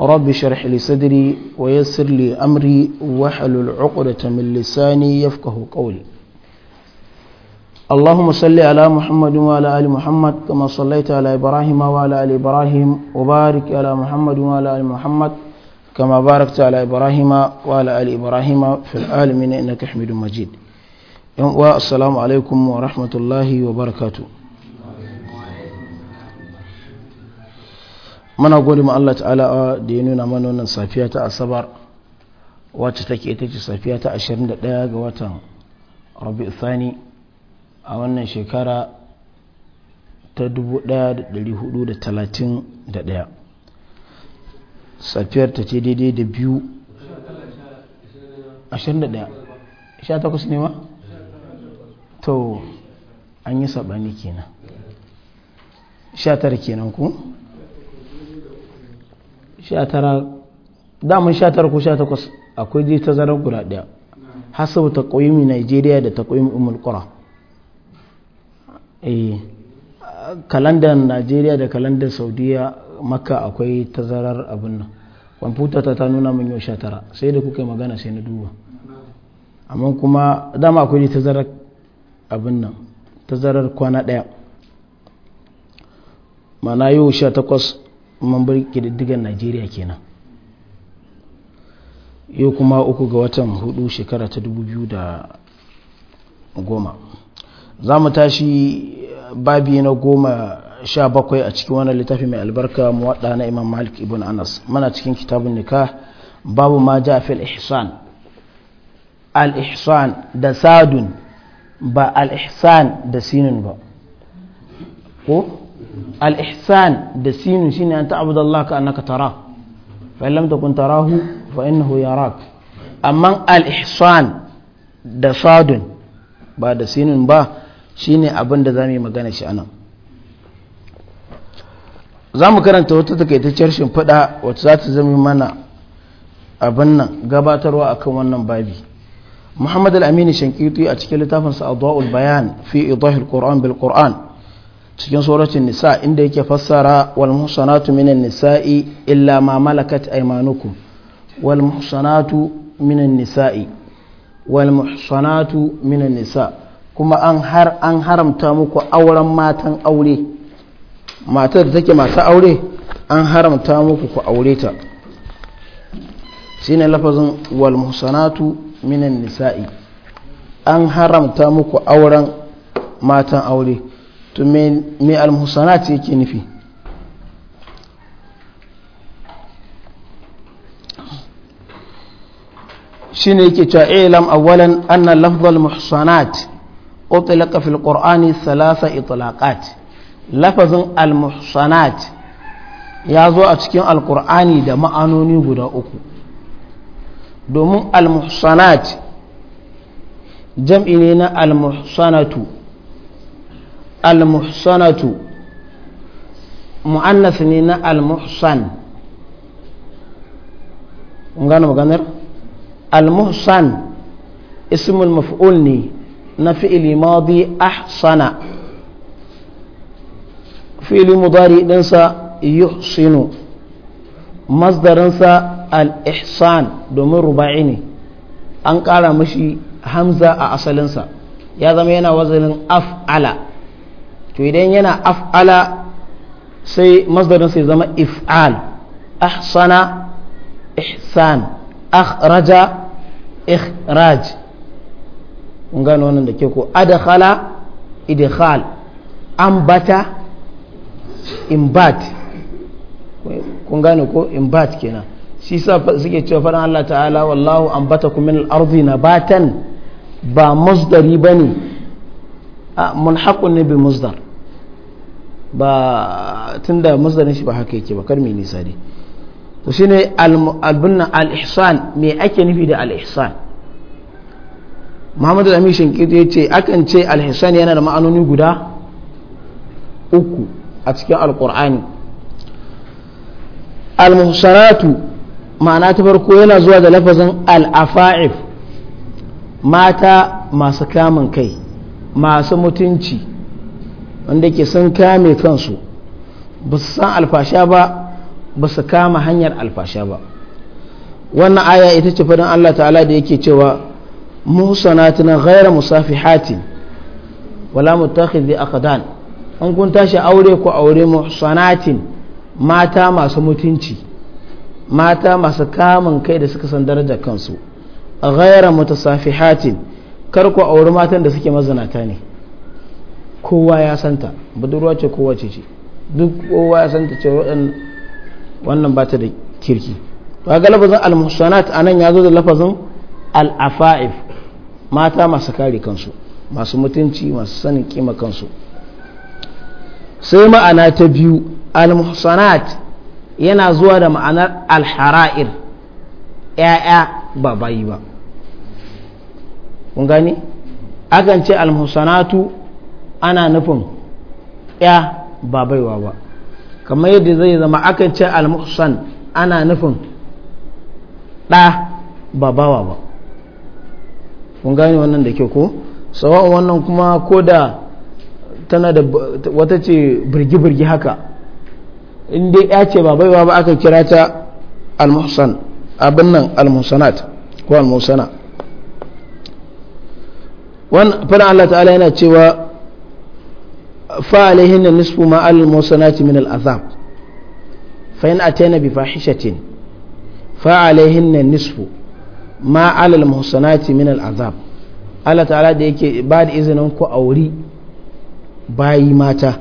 رب شرح لي صدري ويسر لي أمري وحل العقدة من لساني يفقه قولي اللهم صل على محمد وعلى آل محمد كما صليت على إبراهيم وعلى آل إبراهيم وبارك على محمد وعلى آل محمد كما باركت على إبراهيم وعلى آل إبراهيم في العالمين إنك حميد مجيد السلام عليكم ورحمة الله وبركاته mana gode ma Allah ta'ala da ya nuna mana wannan safiya ta asabar wacce take ita ce safiya ta 21 ga watan rabi'u thani a wannan shekara ta 1431 safiyar ta ce daidai da biyu 21 sha 18 ne ma? to an yi saɓani kenan 19 kenan ku? damar sha tara ko takwas akwai dai ta zarar guda daya hasabu taqwimi nigeria da ta Ummul Qura eh kalandar nigeria da kalandar Saudiya maka akwai zarar abin nan kwamfuta ta nuna min yau tara sai da kuka magana sai na duba amma kuma dama akwai ta zarar abin nan zarar kwana daya mana yau sha takwas. mambar bar najeriya kenan yau kuma uku ga watan hudu shekara ta dubu biyu da goma za mu tashi eh, babi na goma sha bakwai a cikin wani littafi mai albarka muwaɗa na imam malik ibn anas mana cikin kitabun nika babu ma ja fil ihsan al ihsan da sadun ba al ihsan da sinin ba ko al-ihsan da sinu shine an ta'budu Allah ka naka tara fa in lam takun tarahu fa innahu yarak amma al da sadun ba da sinin ba shine abin da zamu yi magana shi anan zamu karanta wata takaitacciyar shimfiɗa wacce za ta zama mana abin nan gabatarwa akan wannan babi محمد الأمين الشنقيطي أتكلم تافنس bayan البيان في qur'an القرآن qur'an. cikin suratul nisa inda yake fassara wal muhsanatu minan nisa'i illa ma malakat aymanukum wal muhsanatu minan nisa'i wal muhsanatu minan nisa kuma an har an haramta muku auren matan aure matar da take masu aure an haramta muku ku aure ta shine lafazin wal muhsanatu minan nisa'i an haramta muku auren matan aure to me al-muhsanat yake nufi shine yake cewa ilam eh, awwalan anna lafdhal muhsanat utlaqa fil qur'ani thalatha itlaqat lafazin al-muhsanat ya zo a cikin alkur'ani da ma'anoni guda uku domin al-muhsanat jam'i ne na al-muhsanatu المحصنة مؤنث نينا المحصن ngano maganar al-muhsan ismul maf'ul ne na fi'ili madi ahsana fi'ili mudari dinsa yuhsinu masdarinsa al-ihsan domin ruba'i ne an ƙara mashi hamza a asalinsa ya zama yana wazanin af'ala to idan yana af'ala sai masdarin sai zama if'al ahsana ihsan akhraja ikhraj mun gano wannan da ke ko adkhala idkhal ambata imbat kun gane ko imbat kenan shi sa suke cewa faɗin Allah ta'ala wallahu ambata min al-ardi nabatan ba masdari bane a mulhaqun bi masdar ba tunda masdarin shi ba haka yake ba kar mai nisa ne to shine albunna al-ihsan me ake nufi da al-ihsan Muhammadu Amin Shinkiti ya ce akan ce al-ihsan yana da ma'anoni guda uku a cikin al-Qur'ani al-muhsaratu ma'ana ta farko yana zuwa da lafazin al-afa'if mata masu kamun kai masu mutunci wanda ke sun kame kansu ba su san alfasha ba ba su kama hanyar alfasha ba wannan aya ita ce faɗin Allah ta'ala da yake cewa musanatina ghaira musafihati wala mutakhidhi aqdan an kun tashi aure ku aure sanatin mata masu mutunci mata masu kamun kai da suka san darajar kansu ghaira mutasafihatin kar ku auri matan da suke mazinata ne kowa ya santa budurwa ce kowa ce ce duk kowa ya santa ce wannan ba ta da kirki to ga lafazin al a nan ya zo da lafazin al-afa'if mata masu kare kansu masu mutunci masu sanin kima kansu sai ma'ana ta biyu al-muhsanat yana zuwa da ma'anar al-hara'ir ya'ya ba bayi ba kun akan ce al-muhsanatu ana nufin ya ba baiwa ba kamar yadda zai zama akan ce al-muhsan ana nufin ɗa ba bawa ba kun gane wannan da ke ko sawa wannan kuma ko da tana da wata ce birgi-birgi haka inda ya ce ba baiwa ba aka kira ta al-muhsan abin nan al-muhsanat ko al-muhsana wannan fara Allah ta'ala yana cewa فعليهن نصف ما على المحصنات من العذاب فإن أتينا بفاحشة فعليهن نصف ما على المحصنات من العذاب Allah ta'ala da yake ba da izinin ku auri bayi mata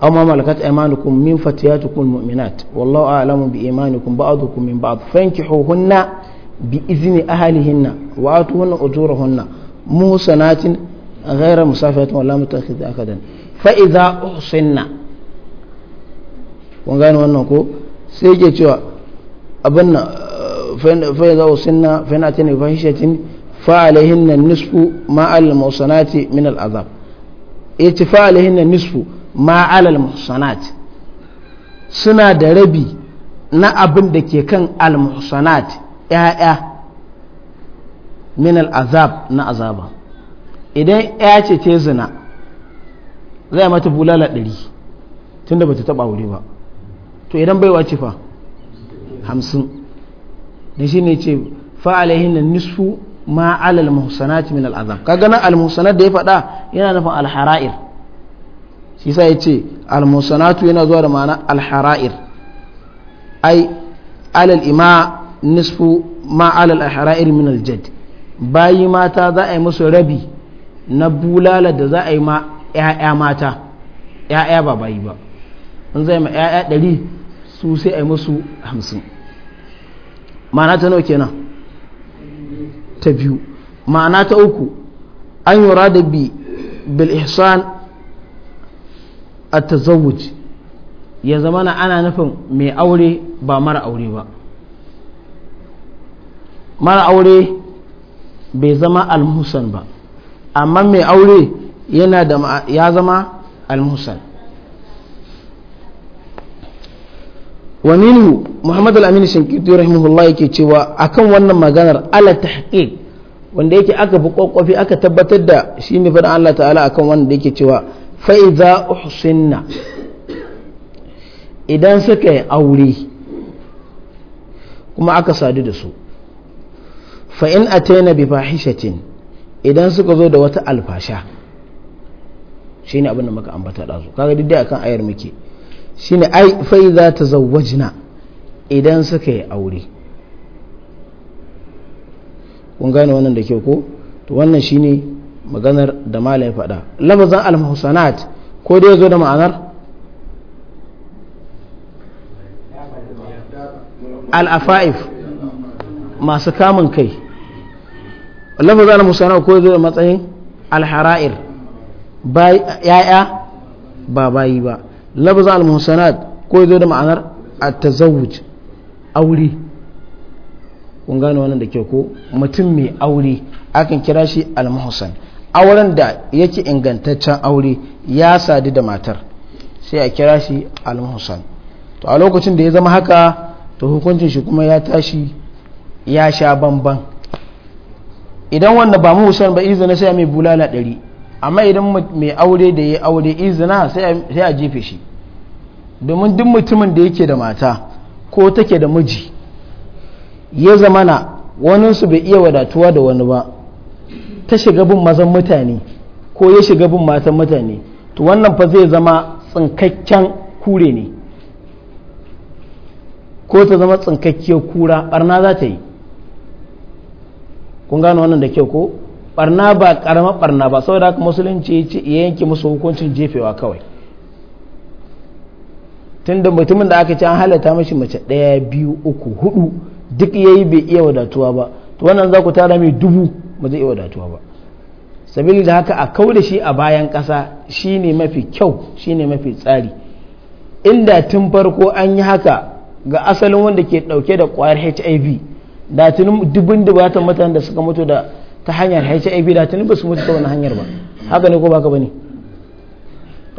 amma malakat imanukum min fatiyatukum mu'minat wallahu a'lamu bi imanikum ba'dukum min ba'd fankihuhunna bi izni ahlihinna wa atuhunna ujurahunna muhsanatin غير مسافة ولا متأخذ أكدا فإذا أحصنا kun gane wannan ko sai ke cewa abin na fai za usinna fai na ta ne fahishatin fa'alihin na nisfu ma'al musanati min al'azab ya ce fa'alihin na nisfu ma'al musanati suna da rabi na abin da ke kan al-musanat ya'ya min al'azab na azaba idan ya ce ta zina zai mata bulala ɗari da ba ta taɓa wuri ba to idan bai wace fa hamsin da shi ne ce fa'alaihin na nisu ma alal ci min al'azam Ka nan al da ya faɗa yana nufin al hara'ir shi sa ya ce al tu yana zuwa da ma'ana al hara'ir ai alal ima nisfu ma alal hara'ir min al jad bayi mata za a yi musu rabi na bulala da za a yi ma 'ya'ya mata 'ya'ya ba bayi ba in zai ma 'ya'ya dari su sai a yi musu hamsin ma'ana ta nauke kenan ta biyu ma'ana ta uku an yi da bi bil ihsan a tazawuj ya zama na ana nufin mai aure ba mara aure ba mara aure bai zama almusan ba amma mai aure yana da ya zama almusan wa minhu muhammad al-amin shinkiti rahimahullah yake cewa akan wannan maganar ala tahqiq wanda yake aka fi kokofi aka tabbatar da shi ne faɗin Allah ta'ala akan wanda yake cewa fa'iza uhsinna idan suka yi aure kuma aka sadu da su fa'in a taina bi fahishatin idan suka zo da wata alfasha shine abin da muka ambata da su kaga dai akan ayar muke ne ai fai za ta jina idan suka yi aure kun gane wannan da kyau ko to wannan shine maganar da mala ya faɗa Labazan al ko dai zo da ma'anar al-afa'if masu kamun kai lafazin al-musana ko zo matsayin alhara'ir ya'ya ba bayi ba lafazin al-musanat ko zo da ma'anar a tazawuj aure kun gane wannan da ke ko mutum mai aure akan kira shi almahusan auren da yake ingantaccen aure ya sadu da matar sai a kira shi almahusan to a lokacin da ya zama haka to hukuncin shi kuma ya tashi ya sha bambam. idan wanda ba mu musulmi ba izina sai a mai bulala ɗari amma idan mai aure da ya aure izina sai a jefe shi domin duk mutumin da yake da mata ko take da miji ya zama zamana waninsu bai iya wadatuwa da wani ba ta shiga bin mazan mutane ko ya shiga bin matan mutane to wannan fa zai zama tsinkakken kure ne ko ta zama tsinkakkiyar kura ɓarna za ta yi kun gano wannan da kyau ko barna ba karama barna ba saboda haka musulunci ya yanke musu hukuncin jefewa kawai tunda mutumin da aka ce an halatta mashi mace ɗaya biyu uku hudu duk ya yi bai iya wadatuwa ba to wannan za ku tara mai dubu ba zai iya wadatuwa ba sabili da haka a kau da shi a bayan ƙasa shine mafi kyau shine mafi tsari inda tun farko an yi haka ga asalin wanda ke ɗauke da ƙwayar hiv da tunin dubin dubatan mutanen da suka mutu da ta hanyar HIV da tunin ba su mutu ta wani hanyar ba haka ne ko baka bane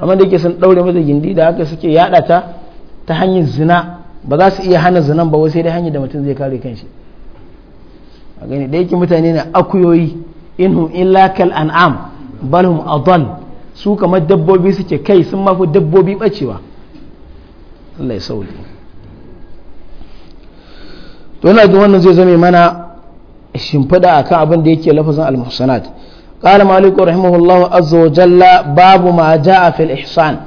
amma da yake sun daure mata gindi da haka suke yada ta ta hanyar zina ba za su iya hana zinan ba wai sai dai hanyar da mutum zai kare kanshi a gani da yake mutane ne akuyoyi inhum illa kal an'am balhum adall su kamar dabbobi suke kai sun mafi dabbobi bacewa Allah ya sauri to ina wannan zai zame mana shimfida akan abin da yake lafazin al-muhsanat qala malik rahimahullahu azza wa jalla babu ma jaa fil ihsan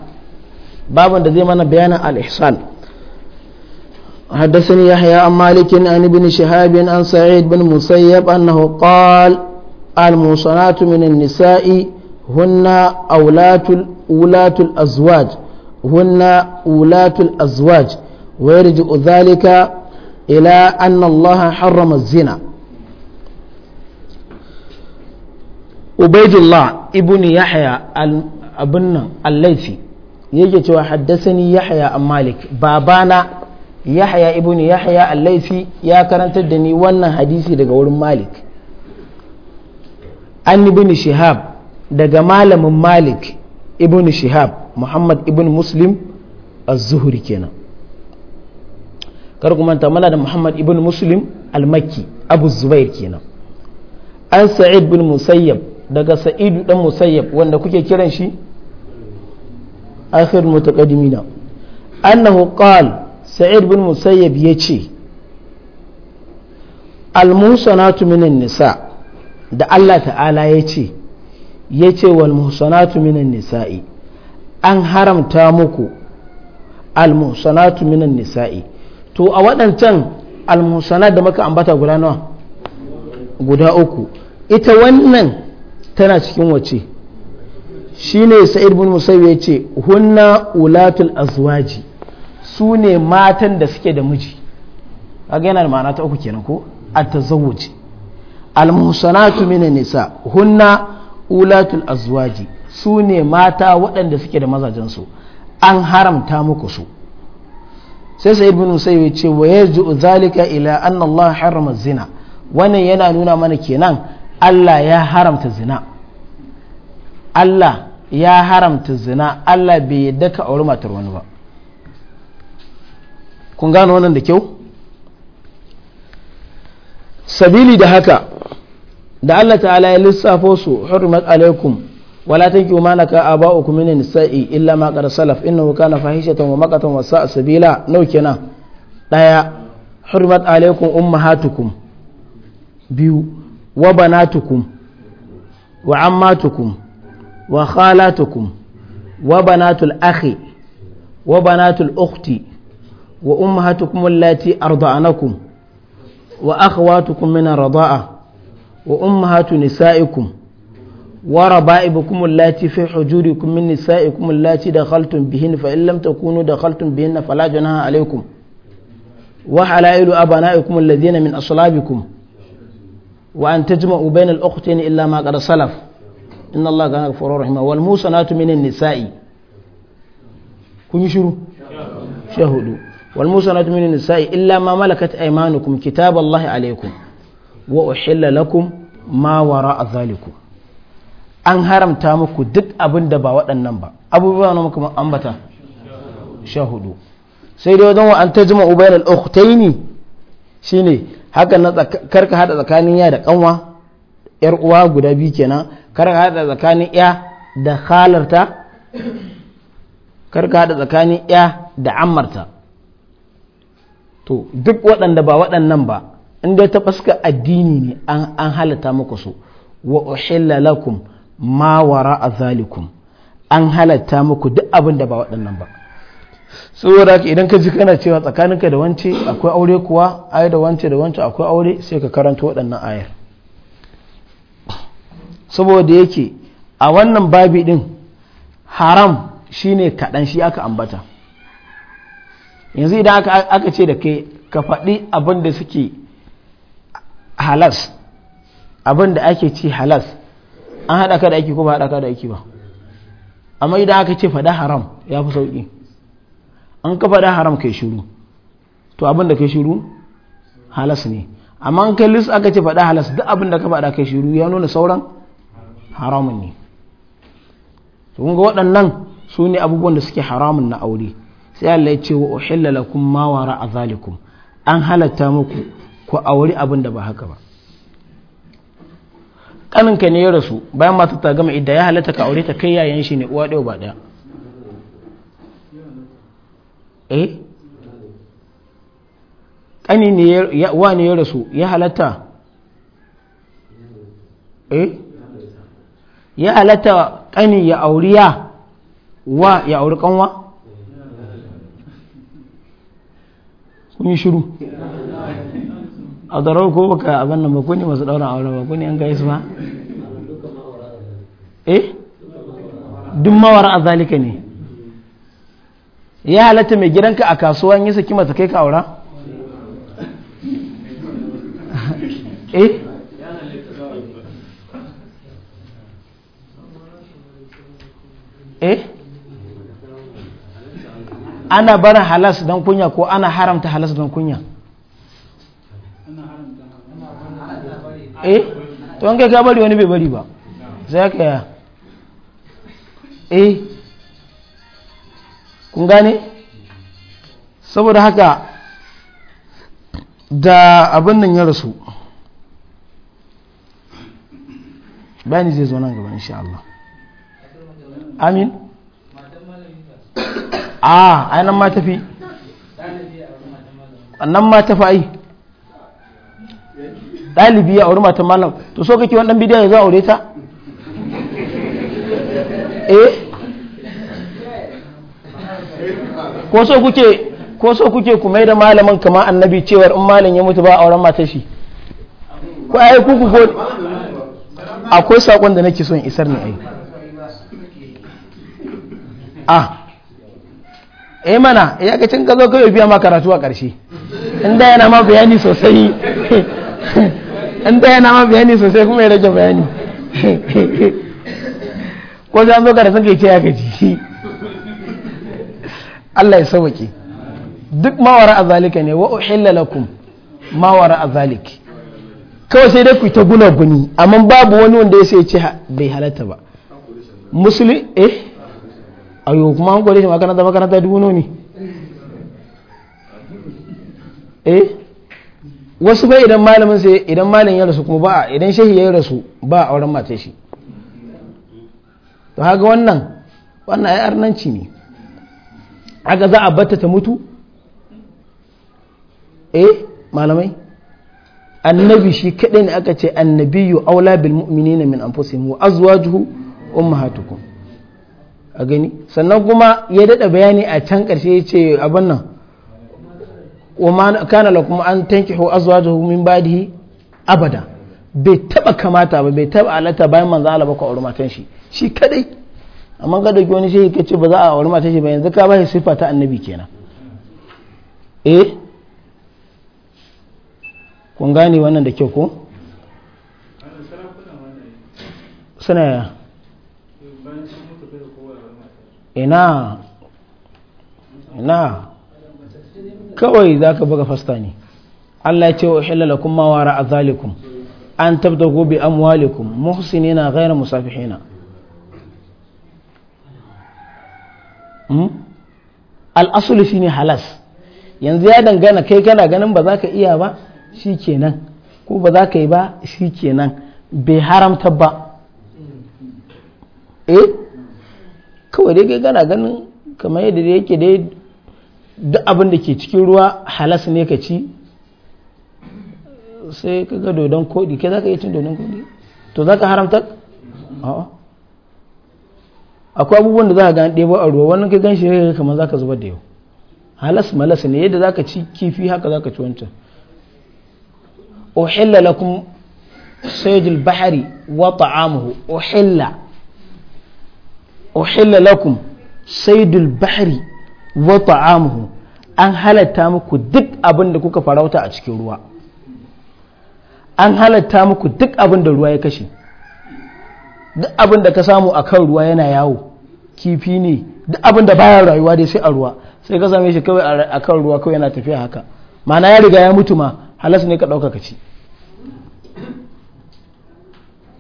babu da zai mana bayanin al-ihsan حدثني يحيى عن مالك عن ابن شهاب عن سعيد بن مسيب أنه قال المحصنات من النساء هن أولات أولاة الأزواج هن أولاة الأزواج ويرجع ذلك ila anna Allah harrama zina ubaidullah ibn yahya abin nan allaifi yake cewa haddasani yahya an malik babana yahya ibn yahya allaifi ya karantar da ni wannan hadisi daga wurin malik an ibn shihab daga malamin malik ibn shihab muhammad ibn muslim az-zuhri kenan kar ku manta mala da muhammad ibn muslim al-makki abu zubair kenan an sa'id bin musayyab daga sa'idu dan musayyab wanda kuke kiran shi akhir mutaqaddimina annahu qala sa'id bin musayyab yace al-musanatu minan nisa da Allah ta'ala yace yace wal musanatu minan nisa'i an haramta muku al musanatu minan nisa'i to a waɗancan almusana da muka ambata guda nawa guda uku ita wannan tana cikin wace Shi ne sa'id bin musayyib ya ce hunna ulatul azwaji su ne matan da suke da miji kaga yana da ma'ana ta uku kenan ko at-tazawwuj al-muhsanatu minan nisa hunna ulatul azwaji su ne mata waɗanda suke da mazajensu an haramta muku su sai sai ibn sai ya ce wa yaju zalika ila anna Allah harrama zina wannan yana nuna mana kenan Allah ya haramta zina Allah ya haramta zina Allah bai yadda ka auri matar wani ba kun gano wannan da kyau sabili da haka da Allah ta'ala ya lissafo su hurmat alaikum ولا تنكوا ما نكا آباؤكم من النساء إلا ما قد سلف إنه كان فاحشة ومقتا وساء سبيلا نو كنا دايا حرمت عليكم أمهاتكم بيو وبناتكم وعماتكم وخالاتكم وبنات الأخ وبنات الأخت وأمهاتكم اللاتي أرضعنكم وأخواتكم من الرضاعة وأمهات نسائكم وربائبكم اللاتي في حجوركم من نسائكم اللاتي دخلتم بهن فإن لم تكونوا دخلتم بهن فلا جناها عليكم وحلائل أبنائكم الذين من أصلابكم وأن تجمعوا بين الأختين إلا ما قد سلف إن الله كان غفورا رحيما والموسنات من النساء كن يشروا شهدوا والموسنات من النساء إلا ما ملكت أيمانكم كتاب الله عليكم وأحل لكم ما وراء ذلكم an haramta muku duk abin da ba waɗannan ba abubuwa na muka ambata sha hudu sai dai wajen wa an tajma ubayna al Shi ne, haka na karka hada tsakanin ya da kanwa yar uwa guda biyu kenan karka hada tsakanin ya da halarta. karka hada tsakanin ya da ammarta to duk waɗanda ba waɗannan ba in dai ta fuska addini ne an halatta muku su wa uhilla lakum ma wara a zalikun an halatta muku duk abin da ba waɗannan ba saboda haka idan ka ji kana cewa tsakaninka da wance akwai aure kuwa ai da wance da wance akwai aure sai ka karanta waɗannan ayar saboda yake a wannan babi ɗin haram shine kaɗan shi aka ambata yanzu idan aka ce da kai ka faɗi abin da suke halas abin da ake ci halas an haɗa ka da aiki ko ba haɗa ka da aiki ba amma idan aka ce faɗa haram ya fi sauƙi an ka faɗa haram kai shiru to abin da kai shiru halas ne amma an kai lis aka ce faɗa halas duk abin da ka faɗa kai shiru ya nuna sauran haramun ne to kun ga waɗannan su ne abubuwan da suke haramun na aure sai Allah ya ce wa uhillalakum ma wara azalikum an halatta muku ku aure abin da ba haka ba ka ne ya rasu bayan masu ta gama idda ya halatta ka aure ta kai yayan shi ne uwa ɗaya ba ɗaya eh kani ne ya wa ne ya rasu ya halatta eh ya halatta kani ya auri ya wa ya auri kanwa kun yi shiru a darau ko baka abin nan ba ku ne masu daura aure ba ku ne an gaisu ba eh duk mawar a zalika ne ya halatta mai gidanka a kasuwa yi saki mata kai ka aura eh eh ana barin halas don kunya ko ana haramta halas don kunya eh to an kai ka bari wani bai bari ba za ka ya eh kun gane saboda haka da abin nan ya rasu bani zai zo nan gaba insha Allah amin a ah, ainihin ma tafi annan ma tafi ai ɗalibi ya auri matan malam to so kake wani ɗan bidiya ya zo aure ta eh ko so kuke ko so kuke ku mai da malamin kama annabi cewar in malam ya mutu ba auren matar shi ko ai ku ku akwai sakon da nake son isar ne ai ah eh mana ya eh ga cin ka zo kawai biya ma karatu a ƙarshe inda yana ma bayani sosai an ɗaya na ma bayani sosai kuma ya rage bayani ko za zo karasin kai ce ya gaji Allah ya sauke duk mawara a zalika ne wa uhilla lakum mawara a zalik kawai sai dai ku ta guna guni amma babu wani wanda ya sai ce bai halatta ba musulun eh ayo kuma an kore shi makaranta makaranta dubu ne eh wasu bai idan malamin sai idan malamin ya rasu kuma ba idan shehi ya rasu ba auren mace shi to haka wannan wannan ai arnanci ne haka za a batta ta mutu eh malamai annabi shi kadai ne aka ce annabiyu aula bil mu'minina min anfusihim wa azwajuhu ummahatukum a gani sannan kuma ya dada bayani a can karshe ya ce abin nan وما كان لكم an tankihu أزواجه min ba'dihi abada bai taba kamata ba bai taba alata bayan manzo Allah ba ka aure shi shi kadai amma ga dake wani shehi kace ba za a aure shi ba yanzu ka ba shi sifa ta annabi kenan eh kun gane wannan da kyau ko suna ina ina kawai za ka buga fasta ne Allah ya ce wa hilala kuma ma wara azalikum an tabdagu bi amwalikum muhsinina ghayra musafihina hmm? al'asuli shine halas yanzu ya dangana kai kana ganin ba za ka iya ba shi kenan ko ba za ka yi ba shi kenan bai haramta ba eh kawai dai kai kana ganin kamar yadda yake dai duk abin da ke cikin ruwa halas ne ka ci sai ka ga dodon kodi kai za ka iya cin dodon kodi to za ka haramta akwai abubuwan da za ka gani ɗebo a ruwa wannan ka gan shi kamar za ka zubar da yau halas malas ne yadda za ka ci kifi haka za ka ci wancan uhilla lakum sayyidul bahari wa ta'amuhu uhilla uhilla lakum sayyidul bahari wa ta'amuhu an halatta muku duk abin da kuka farauta a cikin ruwa an halatta muku duk abin da ruwa ya kashe duk abin da ka samu a kan ruwa yana yawo kifi ne duk abin da bayan rayuwa dai sai a ruwa sai ka same shi kawai a kan ruwa kawai yana tafiya haka ma'ana ya riga ya mutu ma halas ne ka ɗauka ka ci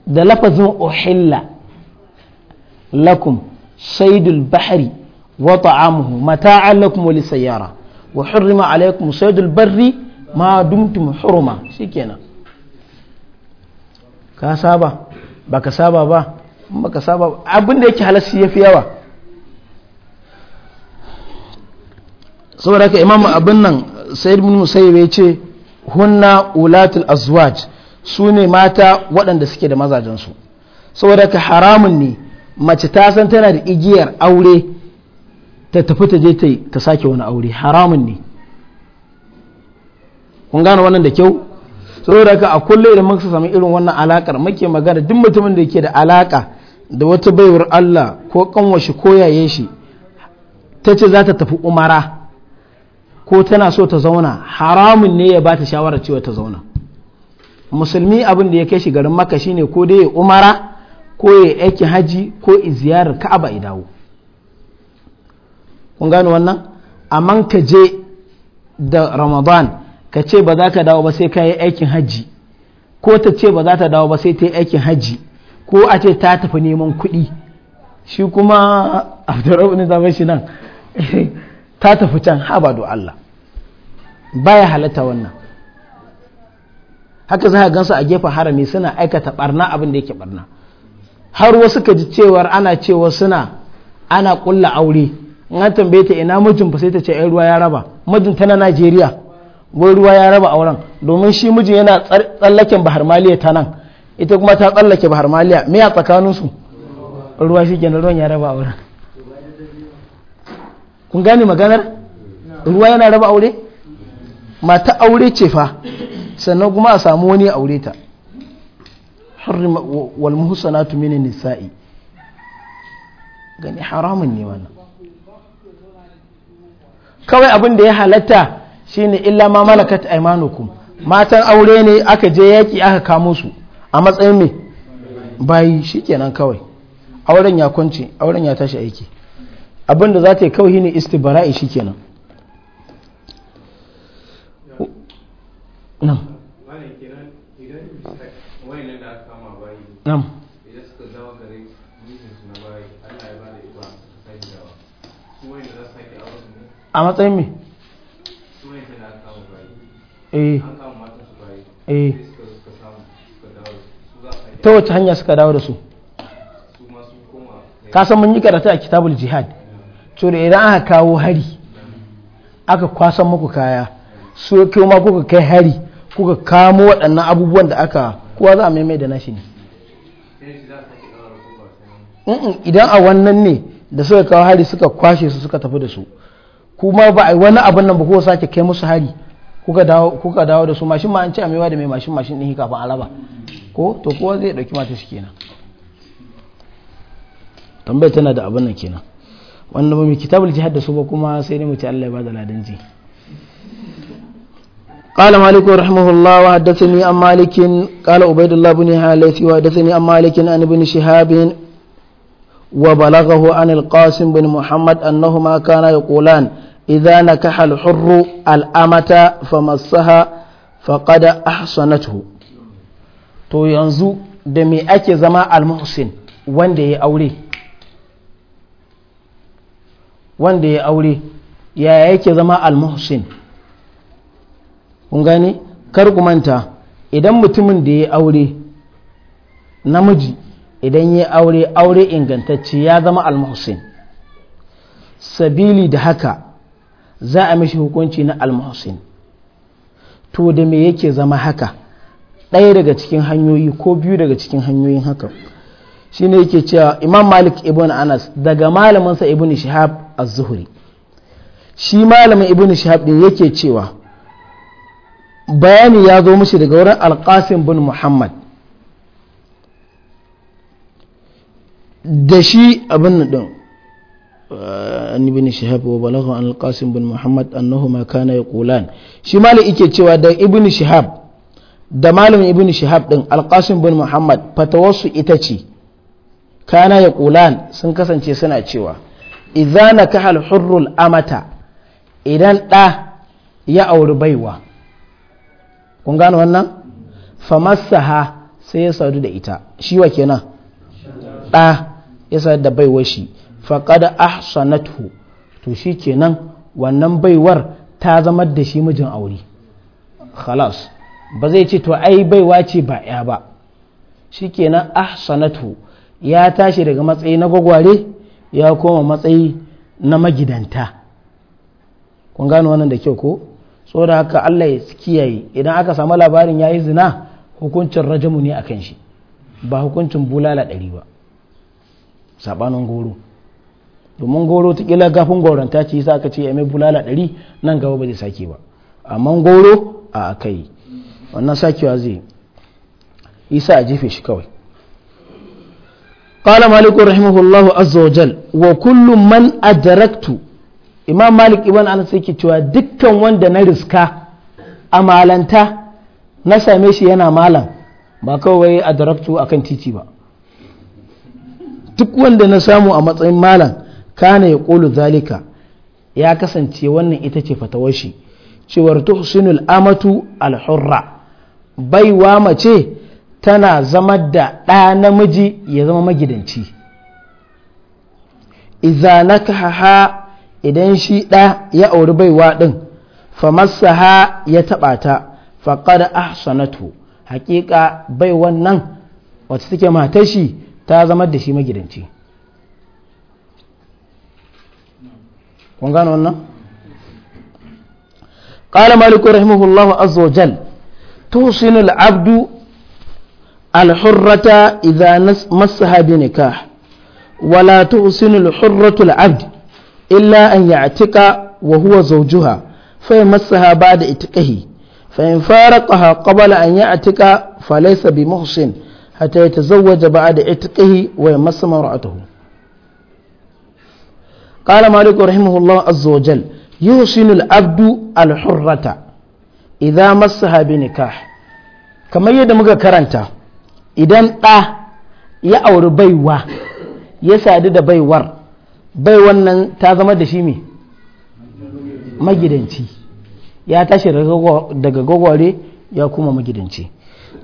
da lafazin ohilla lakum saidul bahari وطعامه متاعا لكم وللسيارة وحرم عليكم صيد البر ما دمتم حرما شكينا ka saba ka saba ba ka saba abin da yake halassi ya fi yawa saboda ka imam abin nan sayyid bin musayyib ya ce hunna ulatul azwaj su mata waɗanda suke da mazajensu saboda ka haramun ne mace ta san tana da igiyar aure ta tafi ta je ta sake wani aure haramun ne kun gane wannan da kyau saboda ka a kullum idan muka samu irin wannan alakar muke magana duk mutumin da yake da alaka da wata baiwar Allah ko kanwashi ko yaye shi ta ce za ta tafi umara ko tana so ta zauna haramun ne ya ba ta shawarar cewa ta zauna musulmi abin da ya kai shi garin maka shine ko dai umara ko ya aiki haji ko ziyarar ka'aba idawo dawo kun gano wannan amma ka je da ramadan ka ce ba za ka dawo ba sai ka yi aikin hajji ko ta ce ba za ta dawo ba sai ta yi aikin hajji ko a ce ta tafi neman kuɗi shi kuma Abdullahi ne zaman shi nan ta tafi can haba do Allah baya halatta wannan haka za gan gansu a gefen harami suna aikata barna abin da yake barna har wasu ka ji cewar ana cewa suna ana ƙulla aure in an tambaye ta ina mijin ba sai ta ce ai ruwa ya raba mijin ta na Najeriya wai ruwa ya raba auren domin shi mijin yana tsallaken bahar maliya ta nan ita kuma ta tsallake bahar maliya me ya tsakanin su ruwa shi kenan ruwan ya raba auren kun gane maganar ruwa yana raba aure mata aure ce fa sannan kuma a samu wani aure ta harrima wal muhsanatu minan nisa'i gani haramun ne wannan kawai abin da ya halatta shine illa ma malakat aymanukum matan aure ne aka je yaki aka kamo su a matsayin me bayi shikenan kawai auren ya kwance auren ya tashi aiki abin da za ta yi kawai ne istibara'i shikenan nan nan a matsayin mai eh. eh. ta wace hanya suka dawo da su ka san mun yi karata a kitabul jihad to da idan aka kawo hari aka kwasan muku kaya su kuma kuka kai hari kuka kamo waɗannan abubuwan da aka kuwa za a maimai da nashi ne idan a wannan ne da suka kawo hari suka kwashe su suka tafi da su kuma ba a wani abin nan ba ko sake kai musu hari kuka dawo kuka dawo da su mashin ma an ce amewa da mai mashin mashin din kafin raba ko to kowa zai dauki mata shi kenan tambayar tana da abin nan kenan wannan mai kitabul jihad da su ba kuma sai ne mu ci Allah ya bada ladan ji قال مالك رحمه الله وحدثني عن مالك قال عبيد الله بن حالث وحدثني عن مالك عن ابن شهاب وبلغه عن القاسم بن محمد أنهما كانا يقولان إذا نكح الحر الأمة فمسها فقد أحسنته to yanzu da me ake zama almuhsin wanda ya aure ya aure yaya yake zama almuhsin kun gane kar ku manta idan mutumin da ya aure namiji idan yi aure aure ingantacci ya zama almuhsin sabili da haka za a mishi hukunci na almuhsin to da me yake zama haka ɗaya daga cikin hanyoyi ko biyu daga cikin hanyoyin haka Shi ne yake cewa imam malik ibn anas daga malaminsa ibn shihab az-zuhri shi malamin ibn shihab din yake cewa bayani ya zo mishi daga wurin alqasim bin muhammad da shi abin nan din an ibn shihab wa balagha an al-qasim bin muhammad annahu ma kana yaqulan shi malai yake cewa da ibn shihab da malamin ibn shihab din al-qasim bin muhammad fatawasu ita ce kana yaqulan sun kasance suna cewa idza nakaha al-hurru amata idan da ya auri baiwa kun gano wannan famassaha sai ya sadu da ita shi wa kenan da ya sa da baiwar shi faƙada ahsanathu to shikenan wannan baiwar ta zama da shi mijin aure khalas ba zai ce to ai baiwa ce ba ya ba shi shikenan sanatu ya tashi daga matsayi na gwagware ya koma matsayi na magidanta kun gano wannan da kyau ko so da haka Allah ya kiyaye idan aka samu labarin yayi zina hukuncin rajamu ne a kan shi ba hukuncin bulala ɗari ba sabanin goro domin goro ta ƙila gafin goron ta ce sa ka ce ya bulala ɗari nan gaba ba zai sake ba amma goro a akai wannan sakewa zai isa a jefe shi kawai ƙala maliku rahimahullahu azzawajal wa kullum man adaraktu imam malik ibn anas yake cewa dukkan wanda na riska a malanta na same shi yana malam ba kawai adaraktu akan titi ba duk wanda na samu a matsayin malam kana ya ƙulu zalika ya kasance wannan ita ce fatawar shi cewar tuhsinul amatu alhurra baiwa mace tana zama da ɗa namiji ya zama magidanci iza nakaha idan shi ɗa ya auri baiwa ɗin famassaha ya taɓa ta faƙad ahsanatu haƙiƙa baiwan nan wacce take mata shi ta zama da shi magidanci kun gano wannan? ƙala maliku rahimahullahu azza wa alhurrata idan masaha bi wala tusinul hurratul abd illa an ya'tika wa huwa zawjuha fa yamassaha ba'da fa in faraqaha qabla an ya'tika falaysa bi muhsin حتى يتزوج بعد عتقه ويمس مرأته قال مالك رحمه الله عز وجل يحسن العبد الحرة إذا مسها بنكاح كما يدمج كرنتا idan ɗa ya auri baiwa ya sadu da baiwar baiwar nan ta zama dashi shi mai magidanci ya tashi daga gwagware ya kuma magidanci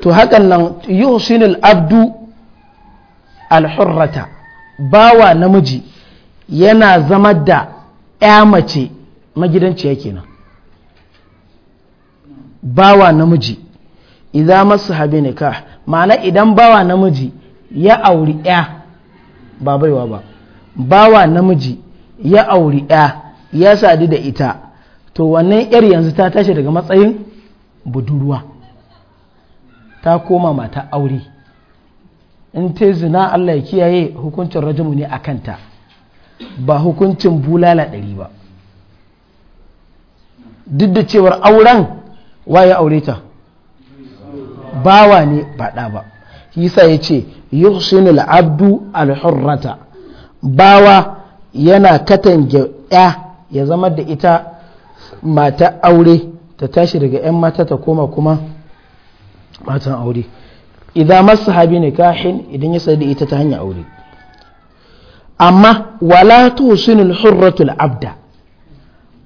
to hakan nan yusinul abdu alhurrata bawa namiji yana zama da ya mace magidanciya kenan bawa namiji idan masu habi nikah ma'ana idan bawa namiji ya auri ya ba baiwa ba bawa namiji ya auri ya ya sadu da ita to wannan yar yanzu ta tashi daga matsayin budurwa ta koma mata aure in ta zina Allah ya kiyaye hukuncin rajimu ne a kanta ba hukuncin bulala ɗari ba duk da cewar auren waye aure ta bawa ne ba ɗa ba yisa ya ce yuhsinul abdu alhurrata bawa yana katange ya ya zama da ita mata aure ta tashi daga 'yan mata ta koma kuma matan aure idan masu habi ne kahin idan ya sadi ita ta hanyar aure amma wala tusinul hurratul abda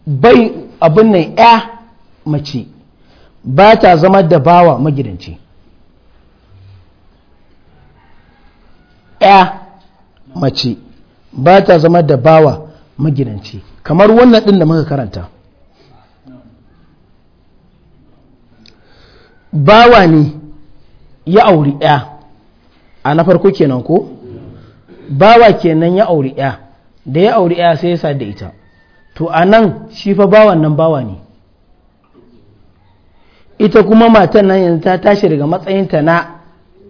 bai abin nan ya mace ba ta zama da bawa magidanci ya mace ba ta zama da bawa magidanci kamar wannan din da muka karanta bawa ne ya auri ya a na farko kenan ko bawa kenan ya auri ya da ya auri ya sai ya sa da ita to a nan shi fa bawan nan bawa ne ita kuma matan nan yanzu ta tashi daga matsayinta na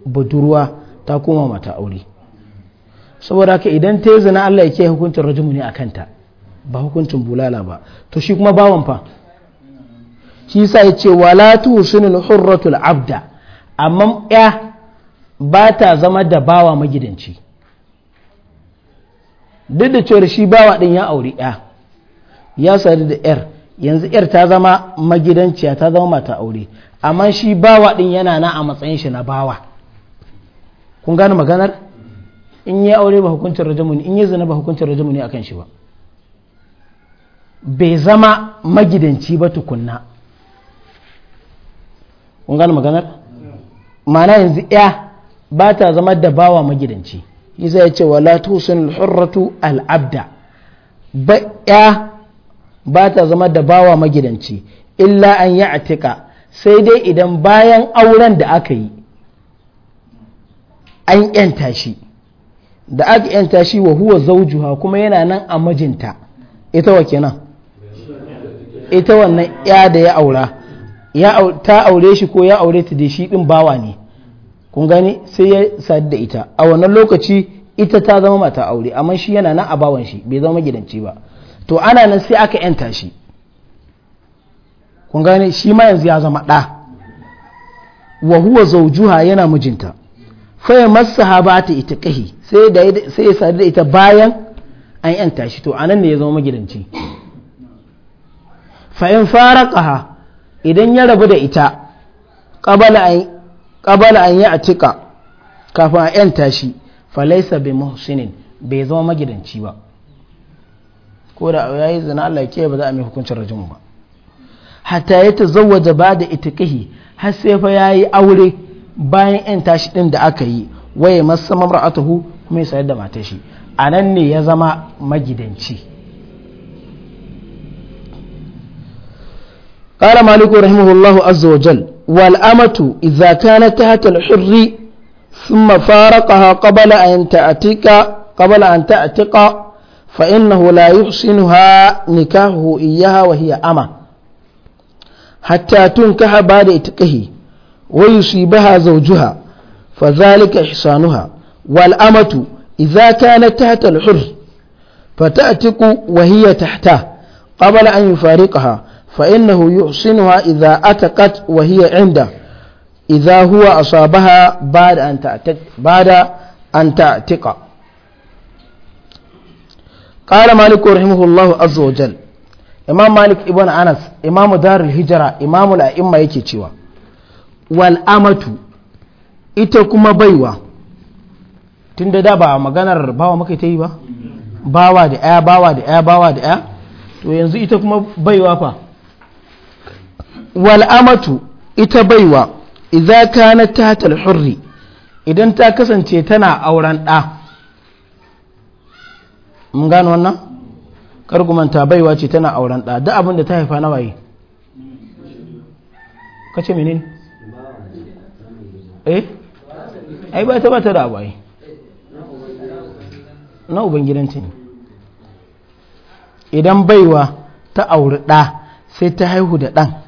budurwa ta koma mata aure saboda haka idan ta yi zina Allah ya ke hukuncin rajumuni ne a kanta ba hukuncin bulala ba to shi kuma bawan fa shi sa ya ce wala tusinul hurratul abda amma ya ba ta zama da bawa magidanci duk da cewar shi bawa din ya auri ya ya sadu da yar yanzu yar ta zama magidanciya ta zama mata aure amma shi bawa din yana na a matsayin shi na bawa kun gane maganar in ya aure ba hukuncin rajamuni ne in ya zina ba hukuncin rajamuni ne akan shi ba bai zama magidanci ba tukunna kun gane maganar ma'ana yanzu ya ba ta zama da bawa magidanci isa ya ce wala tusin hurratu al'abda ba ya ba ta zama da bawa magidanci illa an yi atika sai dai idan bayan auren da aka yi an yanta shi da aka yanta shi wa huwa zaujuha kuma yana nan a mijinta ita wa kenan ita wannan ya da ya aura ta aure shi ko ya aure ta da shi din bawa ne kun gane sai ya sadu da ita a wannan lokaci ita ta zama mata aure amma shi yana nan a bawan shi bai zama gidanci ba to ana nan sai aka yanta shi kun gane shi ma yanzu ya zama ɗa wa huwa zaujuha yana mijinta faya masaha ba ta ita kahi sai ya sadu da ita bayan an yanta shi to anan ne ya zama magidanci fa in faraqaha idan ya rabu da ita ƙabala an yi a cika kafin a 'yan tashi, falaisa bai mahusinin bai zama magidanci ba ko da ya yi zina Allah ke ba za a mai hukuncin rajin ba Hata ya ta da ba da itikihi har sai fa ya yi aure bayan ‘yan tashi ɗin da aka yi waye masu samar kuma ya sayar da matashi a nan ne ya zama magidanci قال مالك رحمه الله عز وجل والأمة إذا كانت تحت الحر ثم فارقها قبل أن تأتيك قبل أن تعتق فإنه لا يحسنها نكاحه إياها وهي أمة حتى تنكح بعد إتقه ويصيبها زوجها فذلك إحسانها والأمة إذا كانت تحت الحر فتعتق وهي تحته قبل أن يفارقها فإنه يحسنها إذا أتقت وهي عنده إذا هو أصابها بعد أن تعتق بعد أن تعتق قال مالك رحمه الله عز وجل إمام مالك ابن أنس إمام دار الهجرة إمام الأئمة يكي والأمة إتكما kuma baiwa tun da ba maganar bawa maka ta yi ba bawa da ya bawa da ya bawa da ya to yanzu ita kuma baiwa fa Wal'amatu ita baiwa idza ka na tatal hurri idan ta kasance tana auren ɗa mun gano wannan kargumanta baiwa ce tana auren ɗa da abin da ta haifa na waye kace menene eh ai ba ta ba ta da waye na ubangidanta ne idan baiwa ta auri ɗa sai ta haihu da ɗan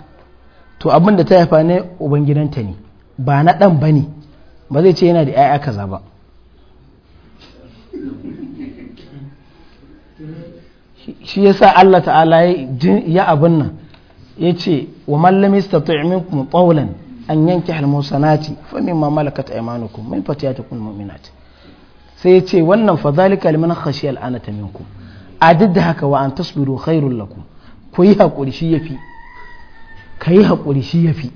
to abin da ta haifa ne ubangidanta ne ba na ɗan ba ne ba zai ce yana da 'ya'ya kaza ba shi yasa Allah ta'ala ya abin nan ya ce wa mallam istati' minkum qawlan an yanki al-musanati fa mimma malakat aymanukum min fatiyatikum mu'minat sai ya ce wannan fa zalika liman khashiya al-anata minkum a duk da haka wa an tasbiru khairul lakum ku yi hakuri shi yafi ka yi haƙuri shi ya fi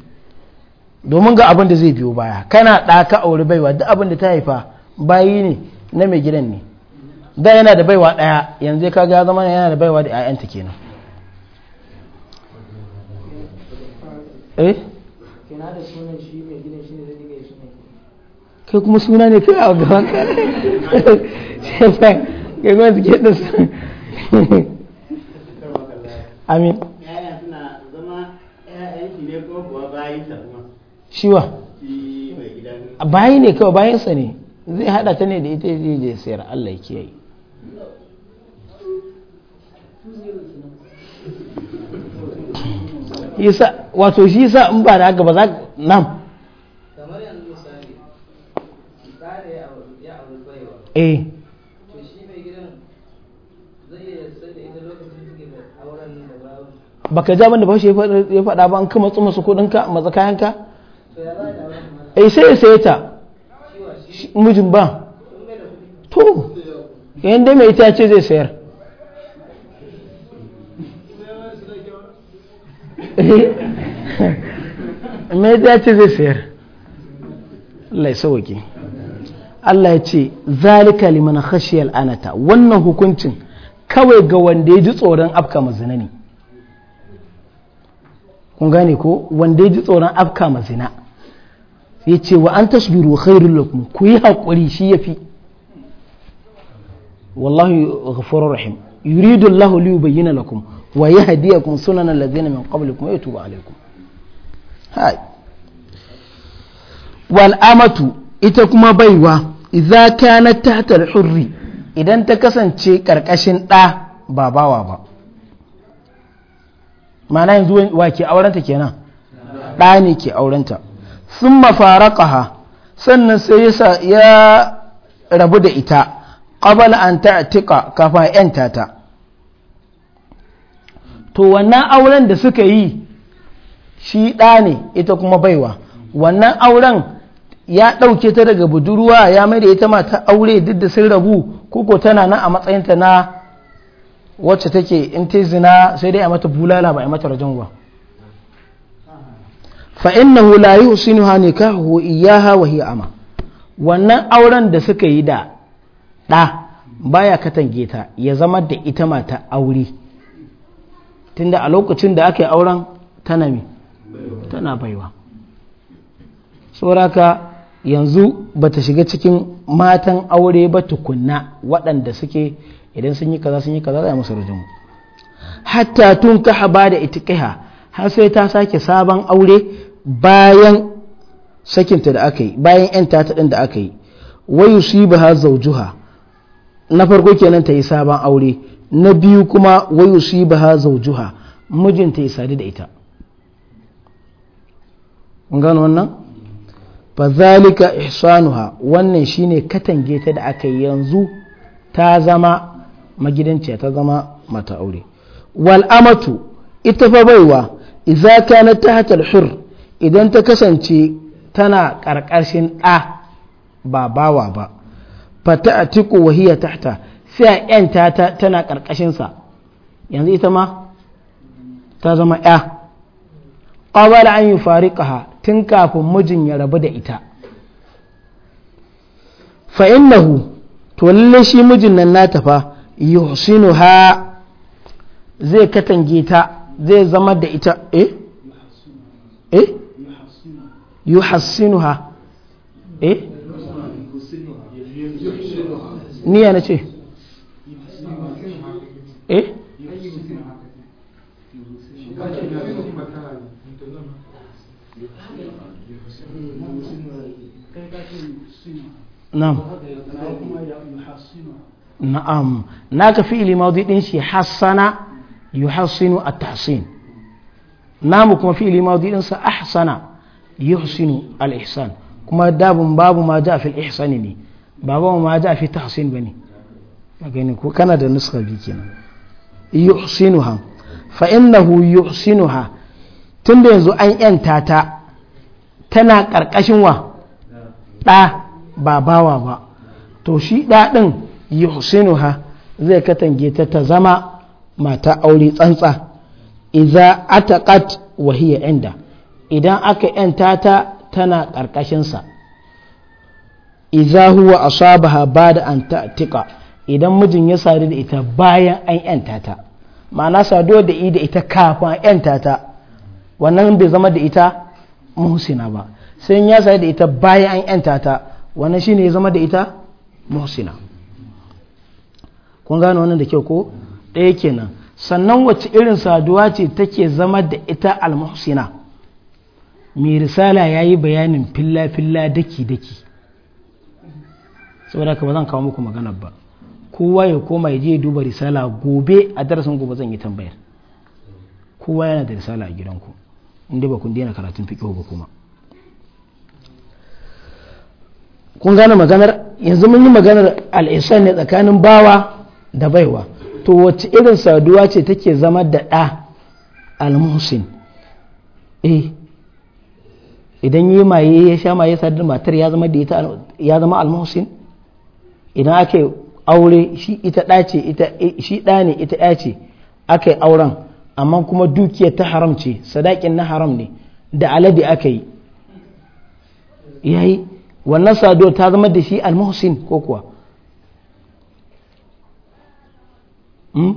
domin ga abin da zai biyo baya kana ɗaka auri baiwa duk abin da ta haifa bayi ne na mai gidan ne da yana da baiwa ɗaya yanzu ka ga zama yana da baiwa da ta kenan eh? kai kuma suna ne kai a gaban kai kuma ke da su amin shiwa bayi ne kawai bayansa ne zai hada ta ne da ita yi je sayar Allah ya kiyaye yasa wato shi yasa in ba da haka ba za nam kamar yanzu misali ya aure baiwa eh baka ja ba bashi ya faɗa ba an ka matsu masu kuɗinka matsa kayanka Ai eh, sai ya saye ta mijin ba to yan dai mai ita ce zai sayar eh, mai ita ce zai sayar Allah ya sauke Allah ya ce zalika liman khashiyal anata wannan hukuncin kawai ga wanda ya ji tsoron afka mazinani kun gane ko wanda ya ji tsoron afka ma zina ya ce wa an tasbiru khairun lakum ku yi haƙuri shi ya fi wallahi ghafurur rahim yuridu Allahu li yubayyana lakum wa yahdiyakum sunanal ladzina min qablikum wa yatubu alaykum hay wal amatu ita kuma baiwa idza kanat tahta al hurri idan ta kasance karkashin da ba bawa ba ma'ana yanzu wa ke aurenta kenan ɗa ne ke aurenta sun mafara ƙaha sannan sai ya rabu da ita ƙabala an tiƙa kafin ‘yanta ta to wannan auren da suka yi shi ɗa ne ita kuma baiwa wannan auren ya ɗauke ta daga budurwa ya mai da ita mata aure duk da sun rabu koko tana nan a matsayinta na wacce take in ta zina sai dai a mata bulala ba a mata rajin ba fa innahu la yusinu nikahu iyaha wa hiya ama wannan auren da suka yi da ɗa baya katange ta ya zama da ita mata aure tunda a lokacin da aka yi auren tana mi tana baiwa sauraka yanzu bata shiga cikin matan aure ba tukunna waɗanda suke idan sun yi kaza sun yi kaza za a musu rujumu hatta tun kaha haba da itiqiha har sai ta sake sabon aure bayan sakinta da aka yi bayan yan tata din da aka yi wa yusibaha zawjuha na farko kenan ta yi sabon aure na biyu kuma wa yusibaha zawjuha mijinta ya sadu da ita gano wannan fa zalika ihsanuha wannan shine katange ta da aka yanzu ta zama magidanciya ta zama mata aure wal amatu ita fa baiwa idza kanat tahta al-hur idan ta kasance tana karkashin ɗa ba bawa ba fata atiku wa hiya tahta sai yan ta tana karkashin sa yanzu ita ma ta zama ya qabala an yufariqaha tun kafin mijin ya rabu da ita fa innahu to lalle shi mijin nan nata fa yuhsinuha zai katange ta zai zama da ita eh eh yuhsinuha eh ni ya nace eh Nam. No. na'am naka fi'ili madhi din shi hassana yuhassinu at-tahsin namu kuma fi'ili madhi din sa ahsana yuhsinu al-ihsan kuma dabun babu ma ja fil ihsani ne babu ma ja fi tahsin bane magani ko kana da nuska bi kenan yuhsinuha fa innahu yuhsinuha tunda yanzu an yanta ta tana karkashin wa ɗa ba bawa ba to shi da din yuhsinuha zai katange ta ta zama mata aure tsantsa idza ataqat wa hiya inda idan aka yanta ta tana karkashin sa idza huwa asabaha bada an idan mijin ya sadu da ita bayan an yanta ta ma'ana saduwar da da ita kafin an yanta ta wannan bai zama da ita muhsina ba sai ya sadu da ita bayan an yanta ta wannan shine ya zama da ita muhsina kun gane wannan da kyau ko ɗaya kenan sannan wacce irin saduwa ce take zama da ita almuhsina mai risala ya yi bayanin filla-filla daki-daki saboda ka ba zan kawo muku magana ba kowa ya koma ya je duba risala gobe a darasin gobe zan yi tambayar kowa yana da risala a gidanku inda ba kun daina karatun fiƙo ba kuma kun gane maganar yanzu mun yi maganar al'isan ne tsakanin bawa da baiwa to wacce irin saduwa ce take zama da ɗa almusin eh idan yi maye ya sha maye sadar matar ya zama da idan ake aure shi ita ɗa ce ita shi ɗa ne ita ya ce aka yi auren amma kuma dukiyar ta haram ce sadakin na haram ne da alade aka yi yayi wannan saduwa ta zama da shi almusin ko kuwa Hmm?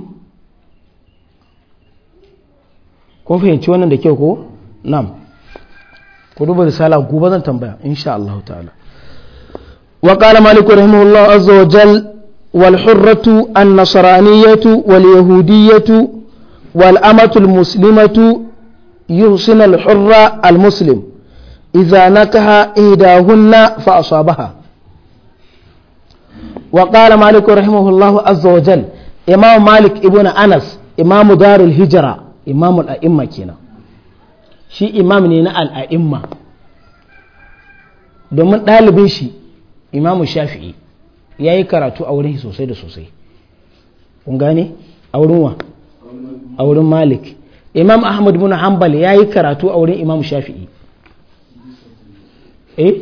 kun fahimci wannan da kyau ko nam ku duba risala gobe zan tambaya insha Allah ta'ala wa qala maliku rahimahullah azza wa jal wal hurratu an nasraniyatu wal yahudiyatu wal amatu al muslimatu yuhsin al hurra al muslim idza nakaha idahunna fa asabaha wa qala maliku rahimahullah azza wa jal imam malik ibn anas imamu darul hijira imamu al'a'imma kenan shi imam ne na al'a'imma domin ɗalibin shi imamu shafi'i ya yi karatu a wurin sosai da sosai kun gane a wurin wa a wurin malik imam ahmad bin hanbal ya yi karatu a wurin imam shafi'i eh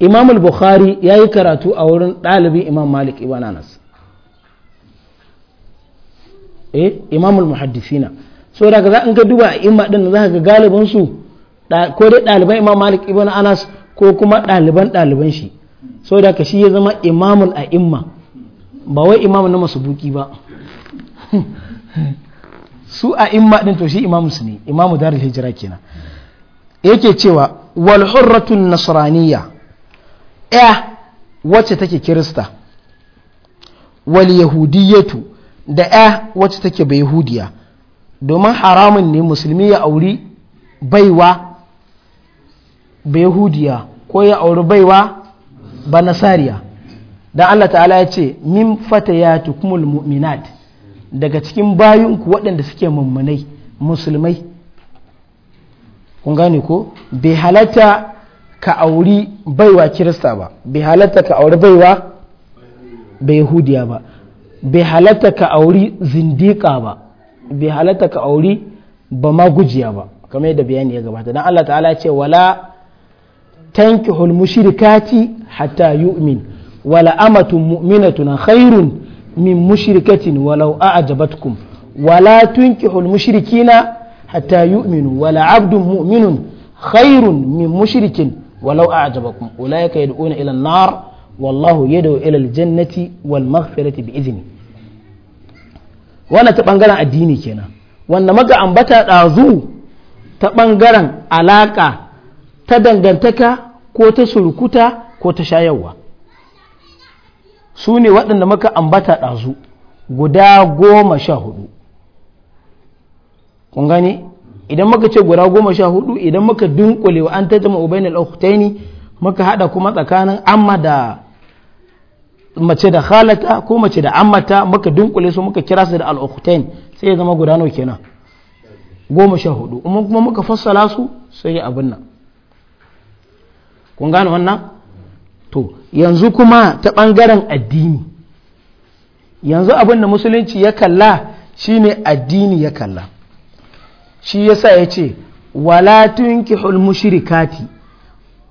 imam al-bukhari ya yi karatu a wurin ɗalibin imam malik ibn anas eh imamul muhaddisina so daga za in ka duba imma din za ka ga galibin su ko dai daliban imam malik ibn anas ko kuma daliban daliban shi so daga shi ya zama imamul a imma ba wai imam na masubuki ba su a imma din to shi imamu su ne imamu darul hijira kenan yake cewa wal hurratun nasraniya eh wacce take kirista wal yahudiyatu da ya wacce take bai hudiya domin haramun ne musulmi ya auri baiwa bai hudiya ko ya auri baiwa ba nasariya don Allah ta'ala ya ce min fata ya tukumul mu'minat daga cikin bayunku waɗanda suke mummunai musulmai kun gane ko bai halatta ka auri baiwa kirista ba bai halatta ka auri baiwa bai hudiya ba bai halatta ka auri zindiƙa ba bai halatta ka auri ba ma gujiya ba kamar yadda bayani ya gabata dan Allah ta'ala ce wala tankihul mushrikati hatta yu'min wala amatun mu'minatun khairun min mushrikatin walau a'jabatkum wala tunkihul mushrikina hatta yu'minu wala abdun mu'minun khairun min mushrikin walau a'jabakum ulaika yad'una ila an-nar wallahu yad'u ila al-jannati wal maghfirati bi izini. wannan ta bangaren addini kenan wanda maka ambata ɗazu ta bangaren alaƙa ta dangantaka ko ta surkuta ko ta shayarwa su ne waɗanda maka ambata ɗazu guda goma sha hudu kun gani idan maka ce guda goma sha hudu idan maka dunkule wa an ta jama ubainal akhtaini maka haɗa kuma tsakanin amma da mace da khalata ko mace da ammata muka dunkule su muka kira su da al'ukutain sai ya zama guda kenan goma sha hudu amma kuma muka fassala su sai ya abin nan kun gane wannan to yanzu kuma ta ɓangaren addini yanzu abin da musulunci ya kalla shine addini ya kalla shi yasa ya ce wala tunkihul mushrikati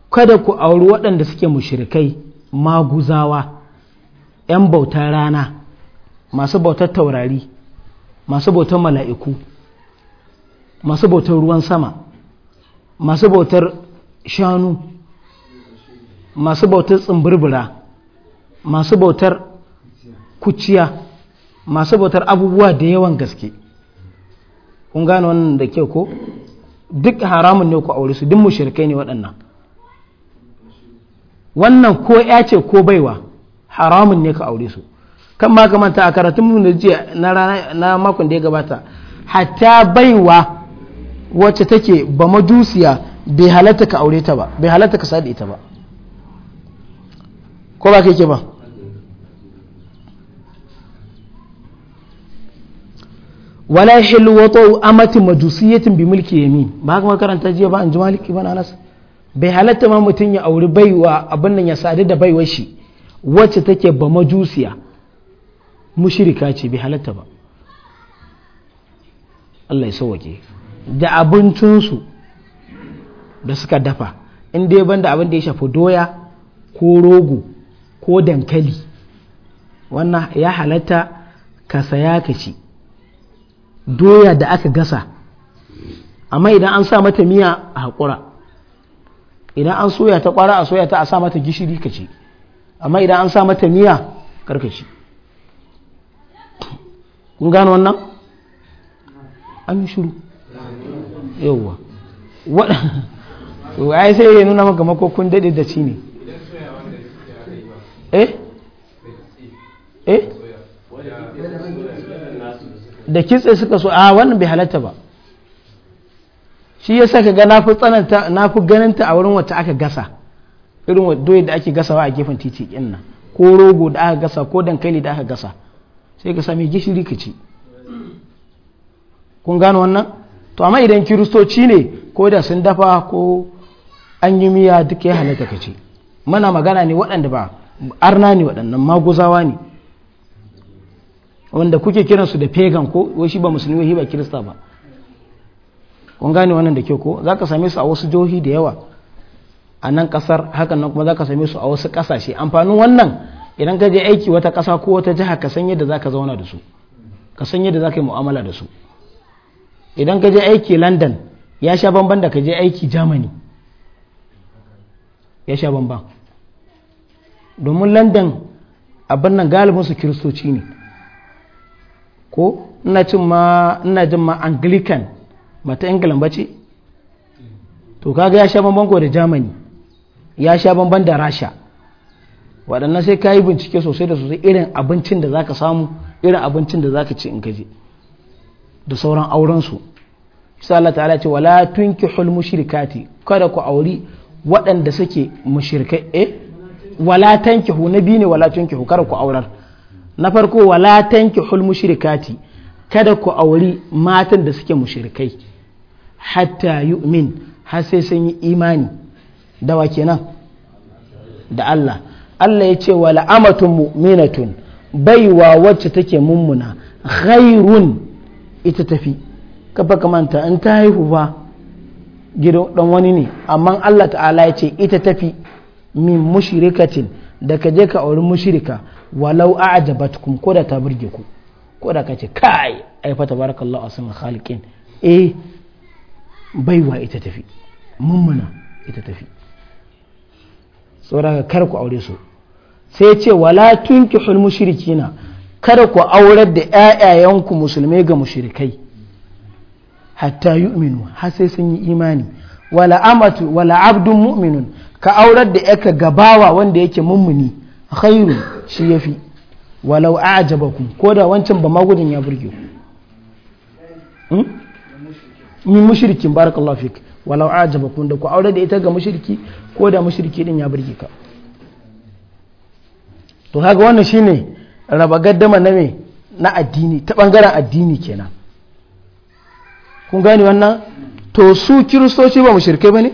kada ku auri waɗanda suke mushrikai maguzawa 'yan bautar rana masu bautar taurari masu bautar mala'iku masu bautar ruwan sama masu bautar shanu masu bautar tsimbirbira masu bautar kuciya masu bautar abubuwa da yawan gaske kun gane wannan da kyau ko duk haramun ne ku aure su duk mushrikai ne waɗannan wannan ko ya ce ko baiwa haramun ne ka aure su kan ma a karatun mu na jiya na rana na makon da ya gabata hatta baiwa wacce take ba majusiya bai halatta ka aure ta ba bai halatta ka sadi ita ba ko ba ke ba wala yahillu wata'u amati majusiyatin bi mulki yamin ba ka makaranta jiya ba an ji malik na anas bai halatta ma mutum ya aure baiwa abin nan ya sadi da baiwar shi wacce take ba majusiya mushirika ce bai halatta ba Allah ya sauwake da abincinsu da suka dafa in dai ban da abin da ya shafi doya ko rogo ko dankali wannan ya halatta ka saya ka ci doya da aka gasa amma idan an sa mata miya a haƙura idan an soya ta ƙwara a soya ta a sa mata gishiri ka ci amma idan an sa mata miya karkashi kun gano wannan an yi shuru yauwa yi sai ya nuna maka makokun daɗe da ci ne eh eh da kitse suka so a wannan bai halatta ba shi ya sa ka ga na fi ganinta a wurin wata aka gasa irin doya da ake gasawa a gefen titi din nan ko rogo da aka gasa ko dankali da aka gasa sai ka sami gishiri ka ci kun gano wannan to amma idan kiristoci ne ko da sun dafa ko an yi miya duk ya halatta ka ci mana magana ne waɗanda ba arna ne waɗannan maguzawa ne wanda kuke kiransu da pagan ko wai shi ba musulmi wai ba kirista ba kun gane wannan da kyau ko za ka same su a wasu jihohi da yawa a nan kasar hakan nan kuma za ka same su a wasu kasashe amfanin wannan idan ka je aiki wata kasa ko wata jiha ka san yadda za ka zauna da su ka san yadda za ka yi mu'amala da su idan ka je aiki london ya sha bamban da ka je aiki germany ya sha bamban domin london abin nan galibin su kiristoci ne ko ina jin ma anglican mata england ba ce to kaga ya sha bamban da germany ya sha bamban da rasha waɗannan sai ka yi bincike sosai da sosai irin abincin da za ka samu irin abincin da za ka ci in ka je da sauran aurensu sai Allah ta'ala ce wala tunkihul mushrikati kada ku auri waɗanda suke mushrikai eh wala tankihu na biyu ne wala tunkihu kada ku aurar na farko wala tankihul mushrikati kada ku auri matan da suke mushrikai hatta yu'min har sai sun yi imani dawa kenan da Allah Allah ya ce wa la'amatun mu'minatun baiwa wacce take mummuna khairun ita tafi kafa kamanta in ta haihu fa gidan dan wani ne amma Allah ta'ala ya ce ita tafi min mushrikatin da ka je ka auri mushrika walau a'jabatkum ko da ta burge ku ko da ka ce kai ai fa tabarakallahu asma khaliqin eh baiwa ita tafi mummuna ita tafi saboda kar ku aure su sai ce wala tunki tunkihul mushrikina kar ku aurar da ƴaƴayenku musulmai ga mushrikai hatta yu'minu har sai sun yi imani wala amatu wala abdun mu'minun ka aurar da yaka gabawa wanda yake mummuni khairu shi yafi walau a'jabakum ko da wancan ba magudin ya burge ku hmm? mushrikin barakallahu fik walau kun da ku aure da ita ga mushriki ko da mushriki din ya burge ka to kaga wannan shine raba gaddama na me na addini ta bangaren addini kenan kun gane wannan to su kiristoci ba mushrikai bane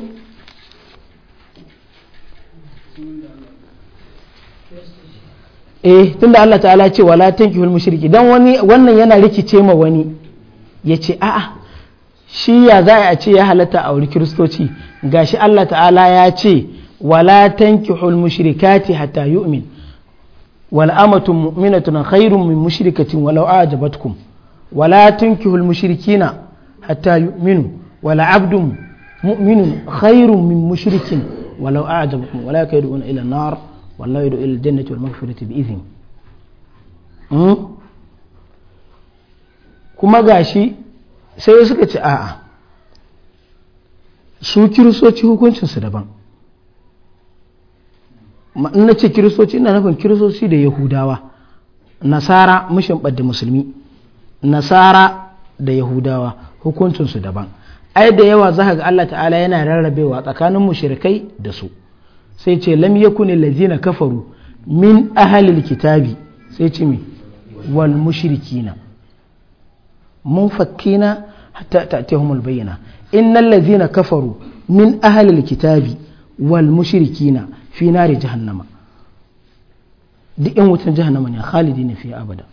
eh tunda Allah ta'ala ce wala tankihul mushriki dan wani wannan yana rikice ma wani yace a'a shi ya za a ce ya halatta a wuri kiristoci gashi Allah ta'ala ya ce wala tankihul mushrikati hatta yu'min wal amatu mu'minatun khairun min mushrikatin walau ajabatkum wala tankihul mushrikina hatta yu'minu wala abdun mu'minun khairun min mushrikin walau ajabatkum wala yakiduna ila nar wallahu yadu ila jannati wal maghfirati bi idhin hmm? kuma gashi sai suka ci a'a su kiristoci hukuncinsu daban in na ce kiristoci ina nufin kiristoci da yahudawa nasara mishin da musulmi nasara da yahudawa hukuncinsu daban ai da yawa za ga Allah ta'ala yana rarrabewa tsakanin mushrikai da su sai ce lam yakuni lazina kafaru min ahalil kitabi sai ce mi wal mushrikina Mun munfakkina hatta ta'tihumul bayyina innal ladzina kafaru min ahlil kitabi wal mushrikina fi nari jahannama duk yan wutan jahannama ne khalidina fi abada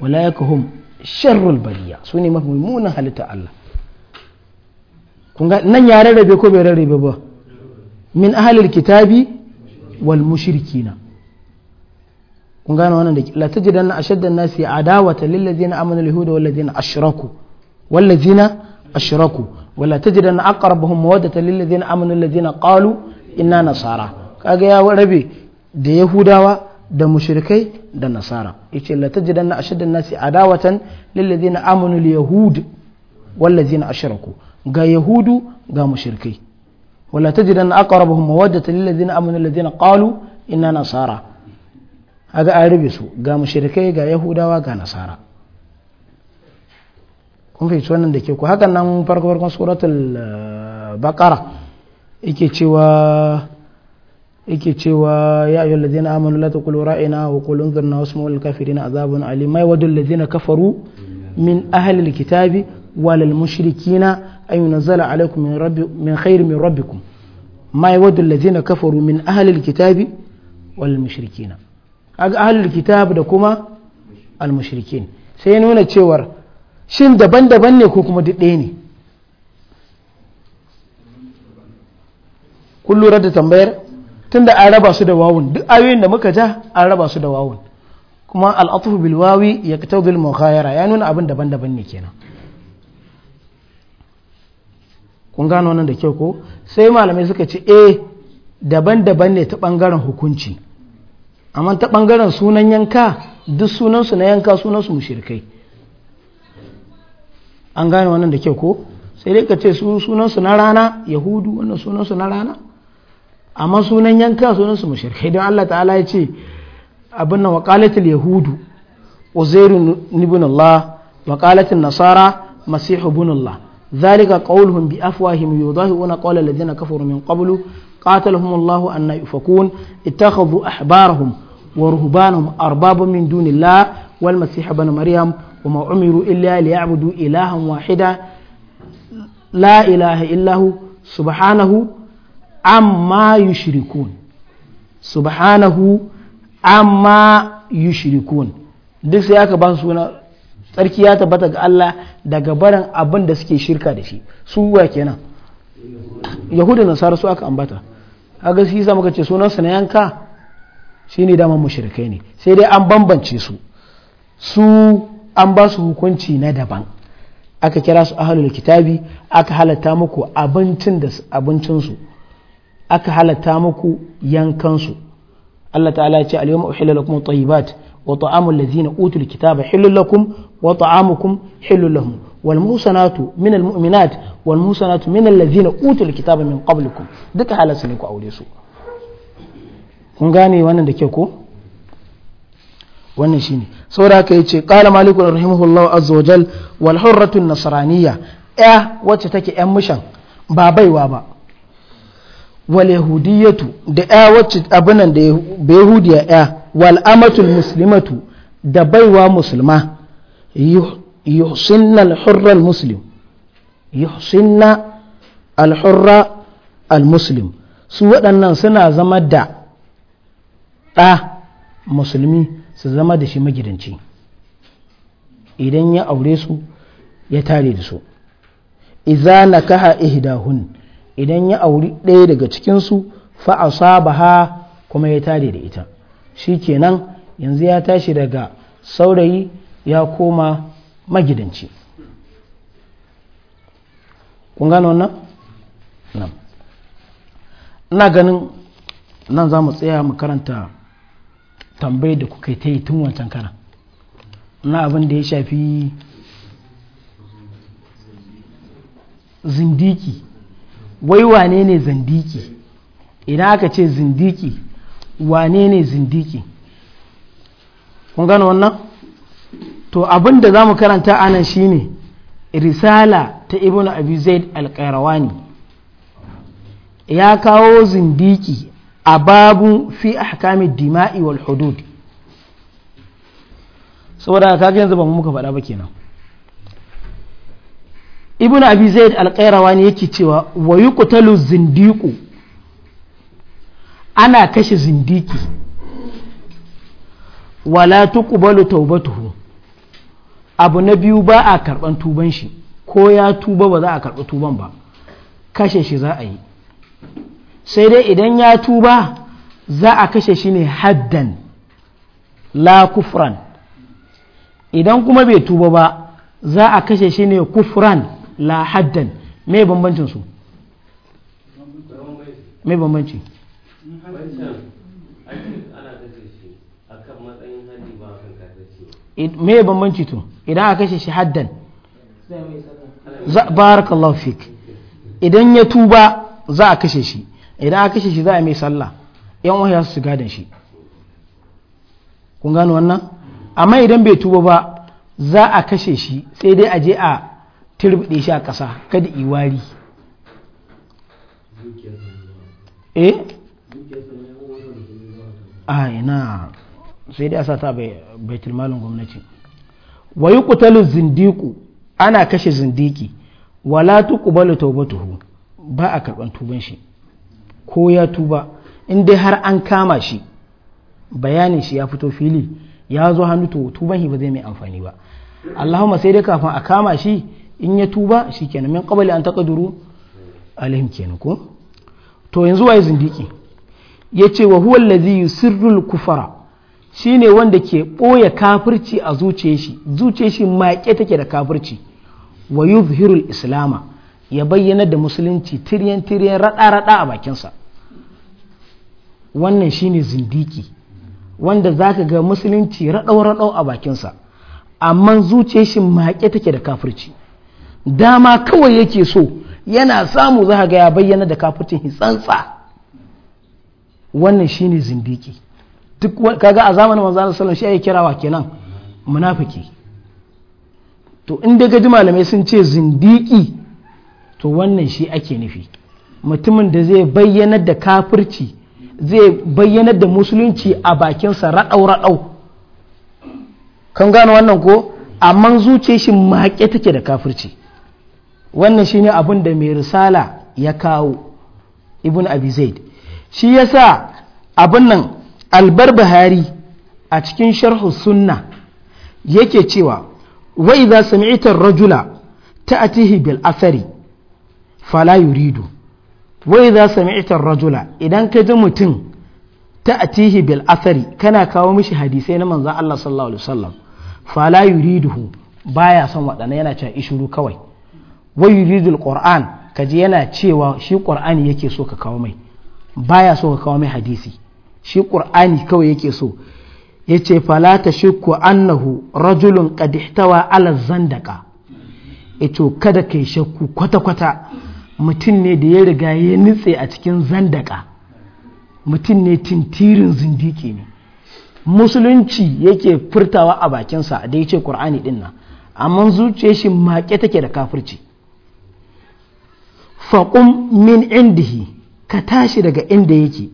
wala walaikahum sharrul bariya su ne mafi munin halitta Allah kunga nan ya rarrabe ko bai rarrabe ba min ahalil kitabi wal mushrikina kun gane wannan da la tajidanna ashaddan nasi adawata lil ladzina amanu al yahuda wal ladzina ashraku wal ladzina ashraku wala tajidanna aqrabahum mawaddatan lil ladzina amanu alladzina qalu inna nasara kaga ya rabe da yahudawa da mushrikai da nasara yace la tajidanna ashaddan nasi adawatan lil ladzina amanu al yahud wal ladzina ashraku ga yahudu ga mushrikai wala tajidanna aqrabahum mawaddatan lil ladzina amanu alladzina qalu inna nasara aga an rubi su ga mushrikai ga yahudawa ga nasara kun fahimci wannan da ke ku hakan nan farko farkon suratul eh, baqara yake cewa yake cewa ya ayyul ladina amanu la taqulu ra'ina wa qul unzurna wasma'u al kafirin azabun alim mai wadul ladina kafaru min ahli kitabi walal mushrikina an yunzala alaykum min rabbi min khair min rabbikum mai wadul ladina kafaru min ahli kitabi wal mushrikina ga ahlul kitab da kuma almushrikin sai nuna cewar shin daban-daban ne ko kuma duk ne kun lura da tambayar tunda an raba su da wawun duk ayoyin da muka ja an raba su da wawun kuma al'atufu bil wawi ya kitadul mukhayara ya nuna abin daban-daban ne kenan kun gano wannan da kyau ko sai malamai suka ce eh daban-daban ne ta bangaren hukunci amma ta ɓangaren sunan yanka duk sunansu na yanka sunansu mushirkai an gane wannan da kyau ko sai dai ka ce su sunansu na rana yahudu wannan sunansu na rana amma sunan yanka sunansu mushirkai don allah ta'ala ya ce abin nan waƙalatul yahudu uzairu ibn allah waƙalatul nasara masihu ibn allah ذلك قولهم بأفواههم يضاهئون قول alladhina kafaru min qablu قاتلهم الله أن يفكون اتخذوا أحبارهم ورهبانهم أربابا من دون الله والمسيح بن مريم وما أمروا إلا ليعبدوا إلها واحدا لا إله إلا هو سبحانه عما يشركون سبحانه عما يشركون duk sai aka ban suna tsarki ya tabbata ga Allah daga barin abin da suke shirka da shi su wa kenan yahuda nasara su aka ambata kaga shi yasa muka ce sunansu na yanka shine daman mushrikai ne sai dai an bambance su su an ba su hukunci na daban aka kira su ahlul kitabi aka halatta muku abincin da abincin su aka halatta muku yankan su Allah ta'ala ya ce al-yawma uhilla lakum at-tayyibat wa ta'amul ladzina utul kitaba hilul lakum wa ta'amukum hilul lahum والمحصنات من المؤمنات والمحصنات من الذين أوتوا الكتاب min قبلكم دك حالة ku أولي سوء kun gane wannan da ke ko wannan shine saboda ka yace qala malik rahimahullahu azza wajal wal hurratu nasraniyya ya wacce take yan mushan ba baiwa ba wal yahudiyatu da ya wacce abinan da yahudiya ya wal amatul muslimatu da baiwa musulma يحصن الحر المسلم يحصن الحر المسلم su waɗannan suna zama da ɗa musulmi su zama da shi magidanci idan ya aure su ya tare da su iza na kaha ihdahun idan ya auri ɗaya daga cikinsu fa'asa baha kuma ya tare da ita shi kenan yanzu ya tashi daga saurayi ya koma magidanci kun gano wannan nan ina ganin nan za mu tsaya mu karanta tambayi da kuka ta yi tun wancan kara na abin da ya shafi zindiki wai wane ne zindiki idan aka ce zindiki wane ne zindiki kun gano wannan to abin da za mu karanta anan shine risala ta ibn abi zaid al ya kawo zindiki a babu fi ahkami dima'i wal hudud saboda ga yanzu ba mu muka faɗa ba kenan ibn abi zaid al yake cewa wa yuqtalu zindiku? ana kashe zindiki wala tuqbalu tawbatuhu abu na biyu ba a karɓan tuban shi ko ya tuba ba za a karɓi tuban ba kashe shi za a yi sai dai idan ya tuba za a kashe shi ne haddan la kufran idan kuma bai tuba ba za a kashe shi ne kufran la haddan me bambancin su me bambanci me bambanci tun idan aka kashe shi haddan barakallahu fik idan ya tuba za a kashe shi idan aka kashe shi za a mai sallah yan wahaya su gadan shi kun gano wannan amma idan bai tuba ba za a kashe shi sai dai a je a turbide shi a ƙasa kada iwari eh a ina sai dai a sa ta bai tilmalin gwamnati wa yuqtalu zindiqu ana kashe zindiki wala tuqbalu tawbatuhu ba a karban tuban shi ko ya tuba in dai har an kama shi bayanin shi ya fito fili ya zo hannu to tuban shi ba zai mai amfani ba Allahumma sai dai kafin a kama shi in ya tuba shikenan min qabli an taqduru alaihim kenan ko to yanzu waye zindiki yace wa huwa yusirru al kufara Shi ne wanda ke ɓoye kafirci a zuciyar shi zuciyar shi maƙe take da kafirci wa yuzhirul islama ya bayyana da musulunci tiryan tiryan rada rada a bakinsa wannan shi ne zindiki wanda zaka ga musulunci raɗau-raɗau a bakinsa amma zuciyar shi maƙe take da kafirci dama kawai yake so yana samu za ga ya bayyana da kafircin hitsantsa wannan shi ne zindiki duk kaga a zamanin manzo shi sallallahu alaihi kirawa kenan munafiki to in dai ji malamai sun ce zindiki to wannan shi ake nufi mutumin da zai bayyanar da kafirci zai bayyanar da musulunci a bakinsa raɗau raɗau kan gano wannan ko amma zuce shi maƙe take da kafirci wannan shi ne abin da mai risala ya kawo ibn abi zaid shi yasa abin nan albarbahari a cikin sharhu sunna yake cewa wa idza sami'ta rajula ta'tihi bil asari fala yuridu za su sami'ta rajula idan ka ji mutum ta'tihi bil asari kana kawo mishi hadisai na manzon Allah sallallahu alaihi wasallam fala yuriduhu baya son waɗannan yana cewa ishuru kawai wa al qur'an kaji yana cewa shi qur'ani yake so ka kawo mai baya so ka kawo mai hadisi shi ƙur'ani kawai yake so ya ce falata ku annahu rajulun ƙadihtawa ala zandaka ya ce kada kai shakku kwata-kwata mutum ne da ya riga ya nitse a cikin zandaka mutum ne tintirin zindiki ne musulunci yake furtawa a bakinsa da ya ce ƙur'ani ɗin nan amma zuciya shi maƙe take da kafirci faƙum min indihi ka tashi daga inda yake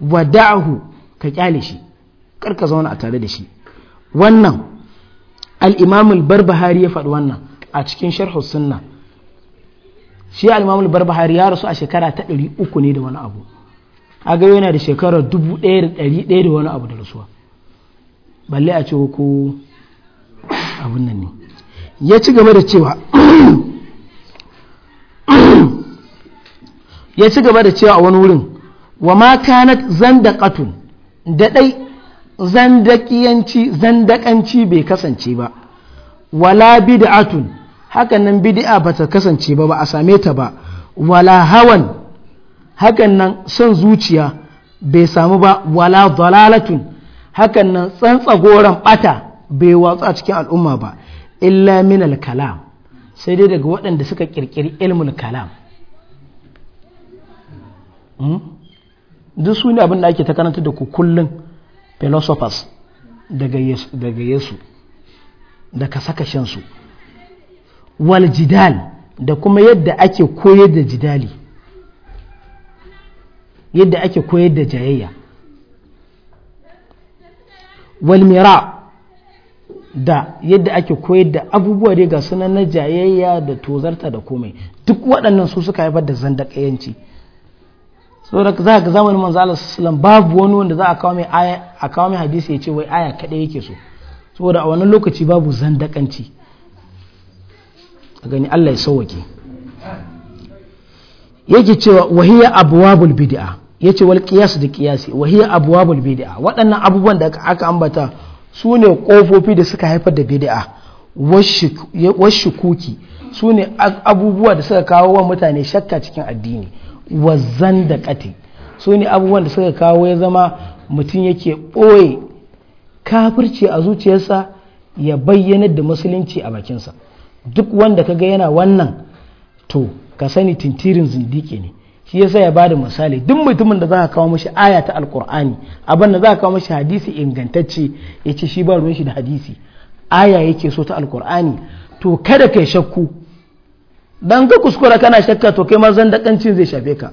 wa da'ahu ka kyale shi kar ka zauna a tare da shi wannan al-imam al-barbahari ya faɗi wannan a cikin sharh sunna shi al-imam al-barbahari ya rasu a shekara ta 300 ne da wani abu ga yana da shekarar 1100 da wani abu da rasuwa balle a ce ko abun nan ne ya ci gaba da cewa ya ci gaba da cewa a wani wurin wa ma kanat zandaqatun da dai zandakiyanci zandakanci bai kasance ba wala bid'atun hakan nan bid'a bata kasance ba ba a same ta ba wala hawan hakan nan son zuciya bai samu ba wala dalalatun hakan nan tsantsagoran bata bai watsu a cikin al'umma ba illa min kalam sai dai daga waɗanda suka kirkiri ilmul kalam hmm? duk su ne abin da ake ta karanta da ku kullum philosophers daga yesu da kasakashensu wal jidal da kuma yadda ake koyar da jidali yadda ake koyar da jayayya wal mira da yadda ake koyar da abubuwa dai ga sunan na jayayya da tozarta da komai duk waɗannan su suka haifar da zandakayanci saboda za ka zamanin manzo Allah sallam babu wani wanda za a kawo mai hadisi ya ce wai aya kadai yake so saboda a wani lokaci babu zandakanci a gani Allah ya sauwake yake cewa wahiya abwabul bid'a yace wal qiyas da qiyasi wahiya abwabul bid'a waɗannan abubuwan da aka ambata su ne kofofi da suka haifar da bid'a washukuki su ne abubuwa da suka kawo wa mutane shakka cikin addini da ƙati su ne abubuwan da suka kawo ya zama mutum yake ɓoye kafirci a zuciyarsa ya bayyanar da musulunci a bakinsa duk wanda ka ga yana wannan to ka sani tintirin zindiki ne shi yasa ya bada misali duk mutumin da za ka kawo mashi aya ta alkur'ani abin da za a kawo mashi hadisi ingantacce ya ce shi ba ruwan shi da hadisi aya yake so ta alkur'ani to kada kai shakku dan ka kuskura kana shakka to kai ma zandakancin zai shafe ka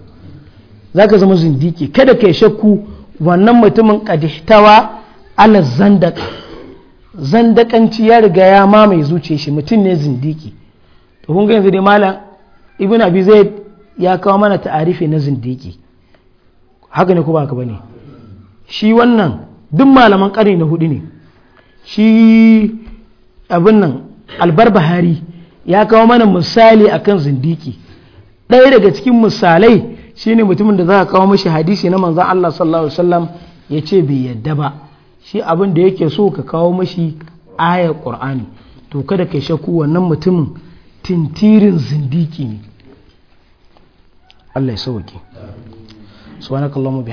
Za ka zama zindiki kada kai shakku wannan mutumin kadihtawa ala zandaka zandakanci ya riga ya mamaye zuce shi mutum ne zindiki to kun ga yanzu dai malam ibn abi zaid ya kawo mana ta'arifi na zindiki haka ne ko ba ka bane shi wannan duk malaman ƙarni na hudu ne shi abin nan albarbahari ya kawo mana misali a kan zindiki ɗaya daga cikin misalai shine mutumin da za a kawo mashi hadisi na manzan Allah sallallahu alaihi wasallam ya ce bai yadda ba shi abin da yake so ka kawo mashi ayar ƙur'ani to kada ka shaku wannan mutumin tintirin zindiki ne Allah ya sauke subhanakallahumma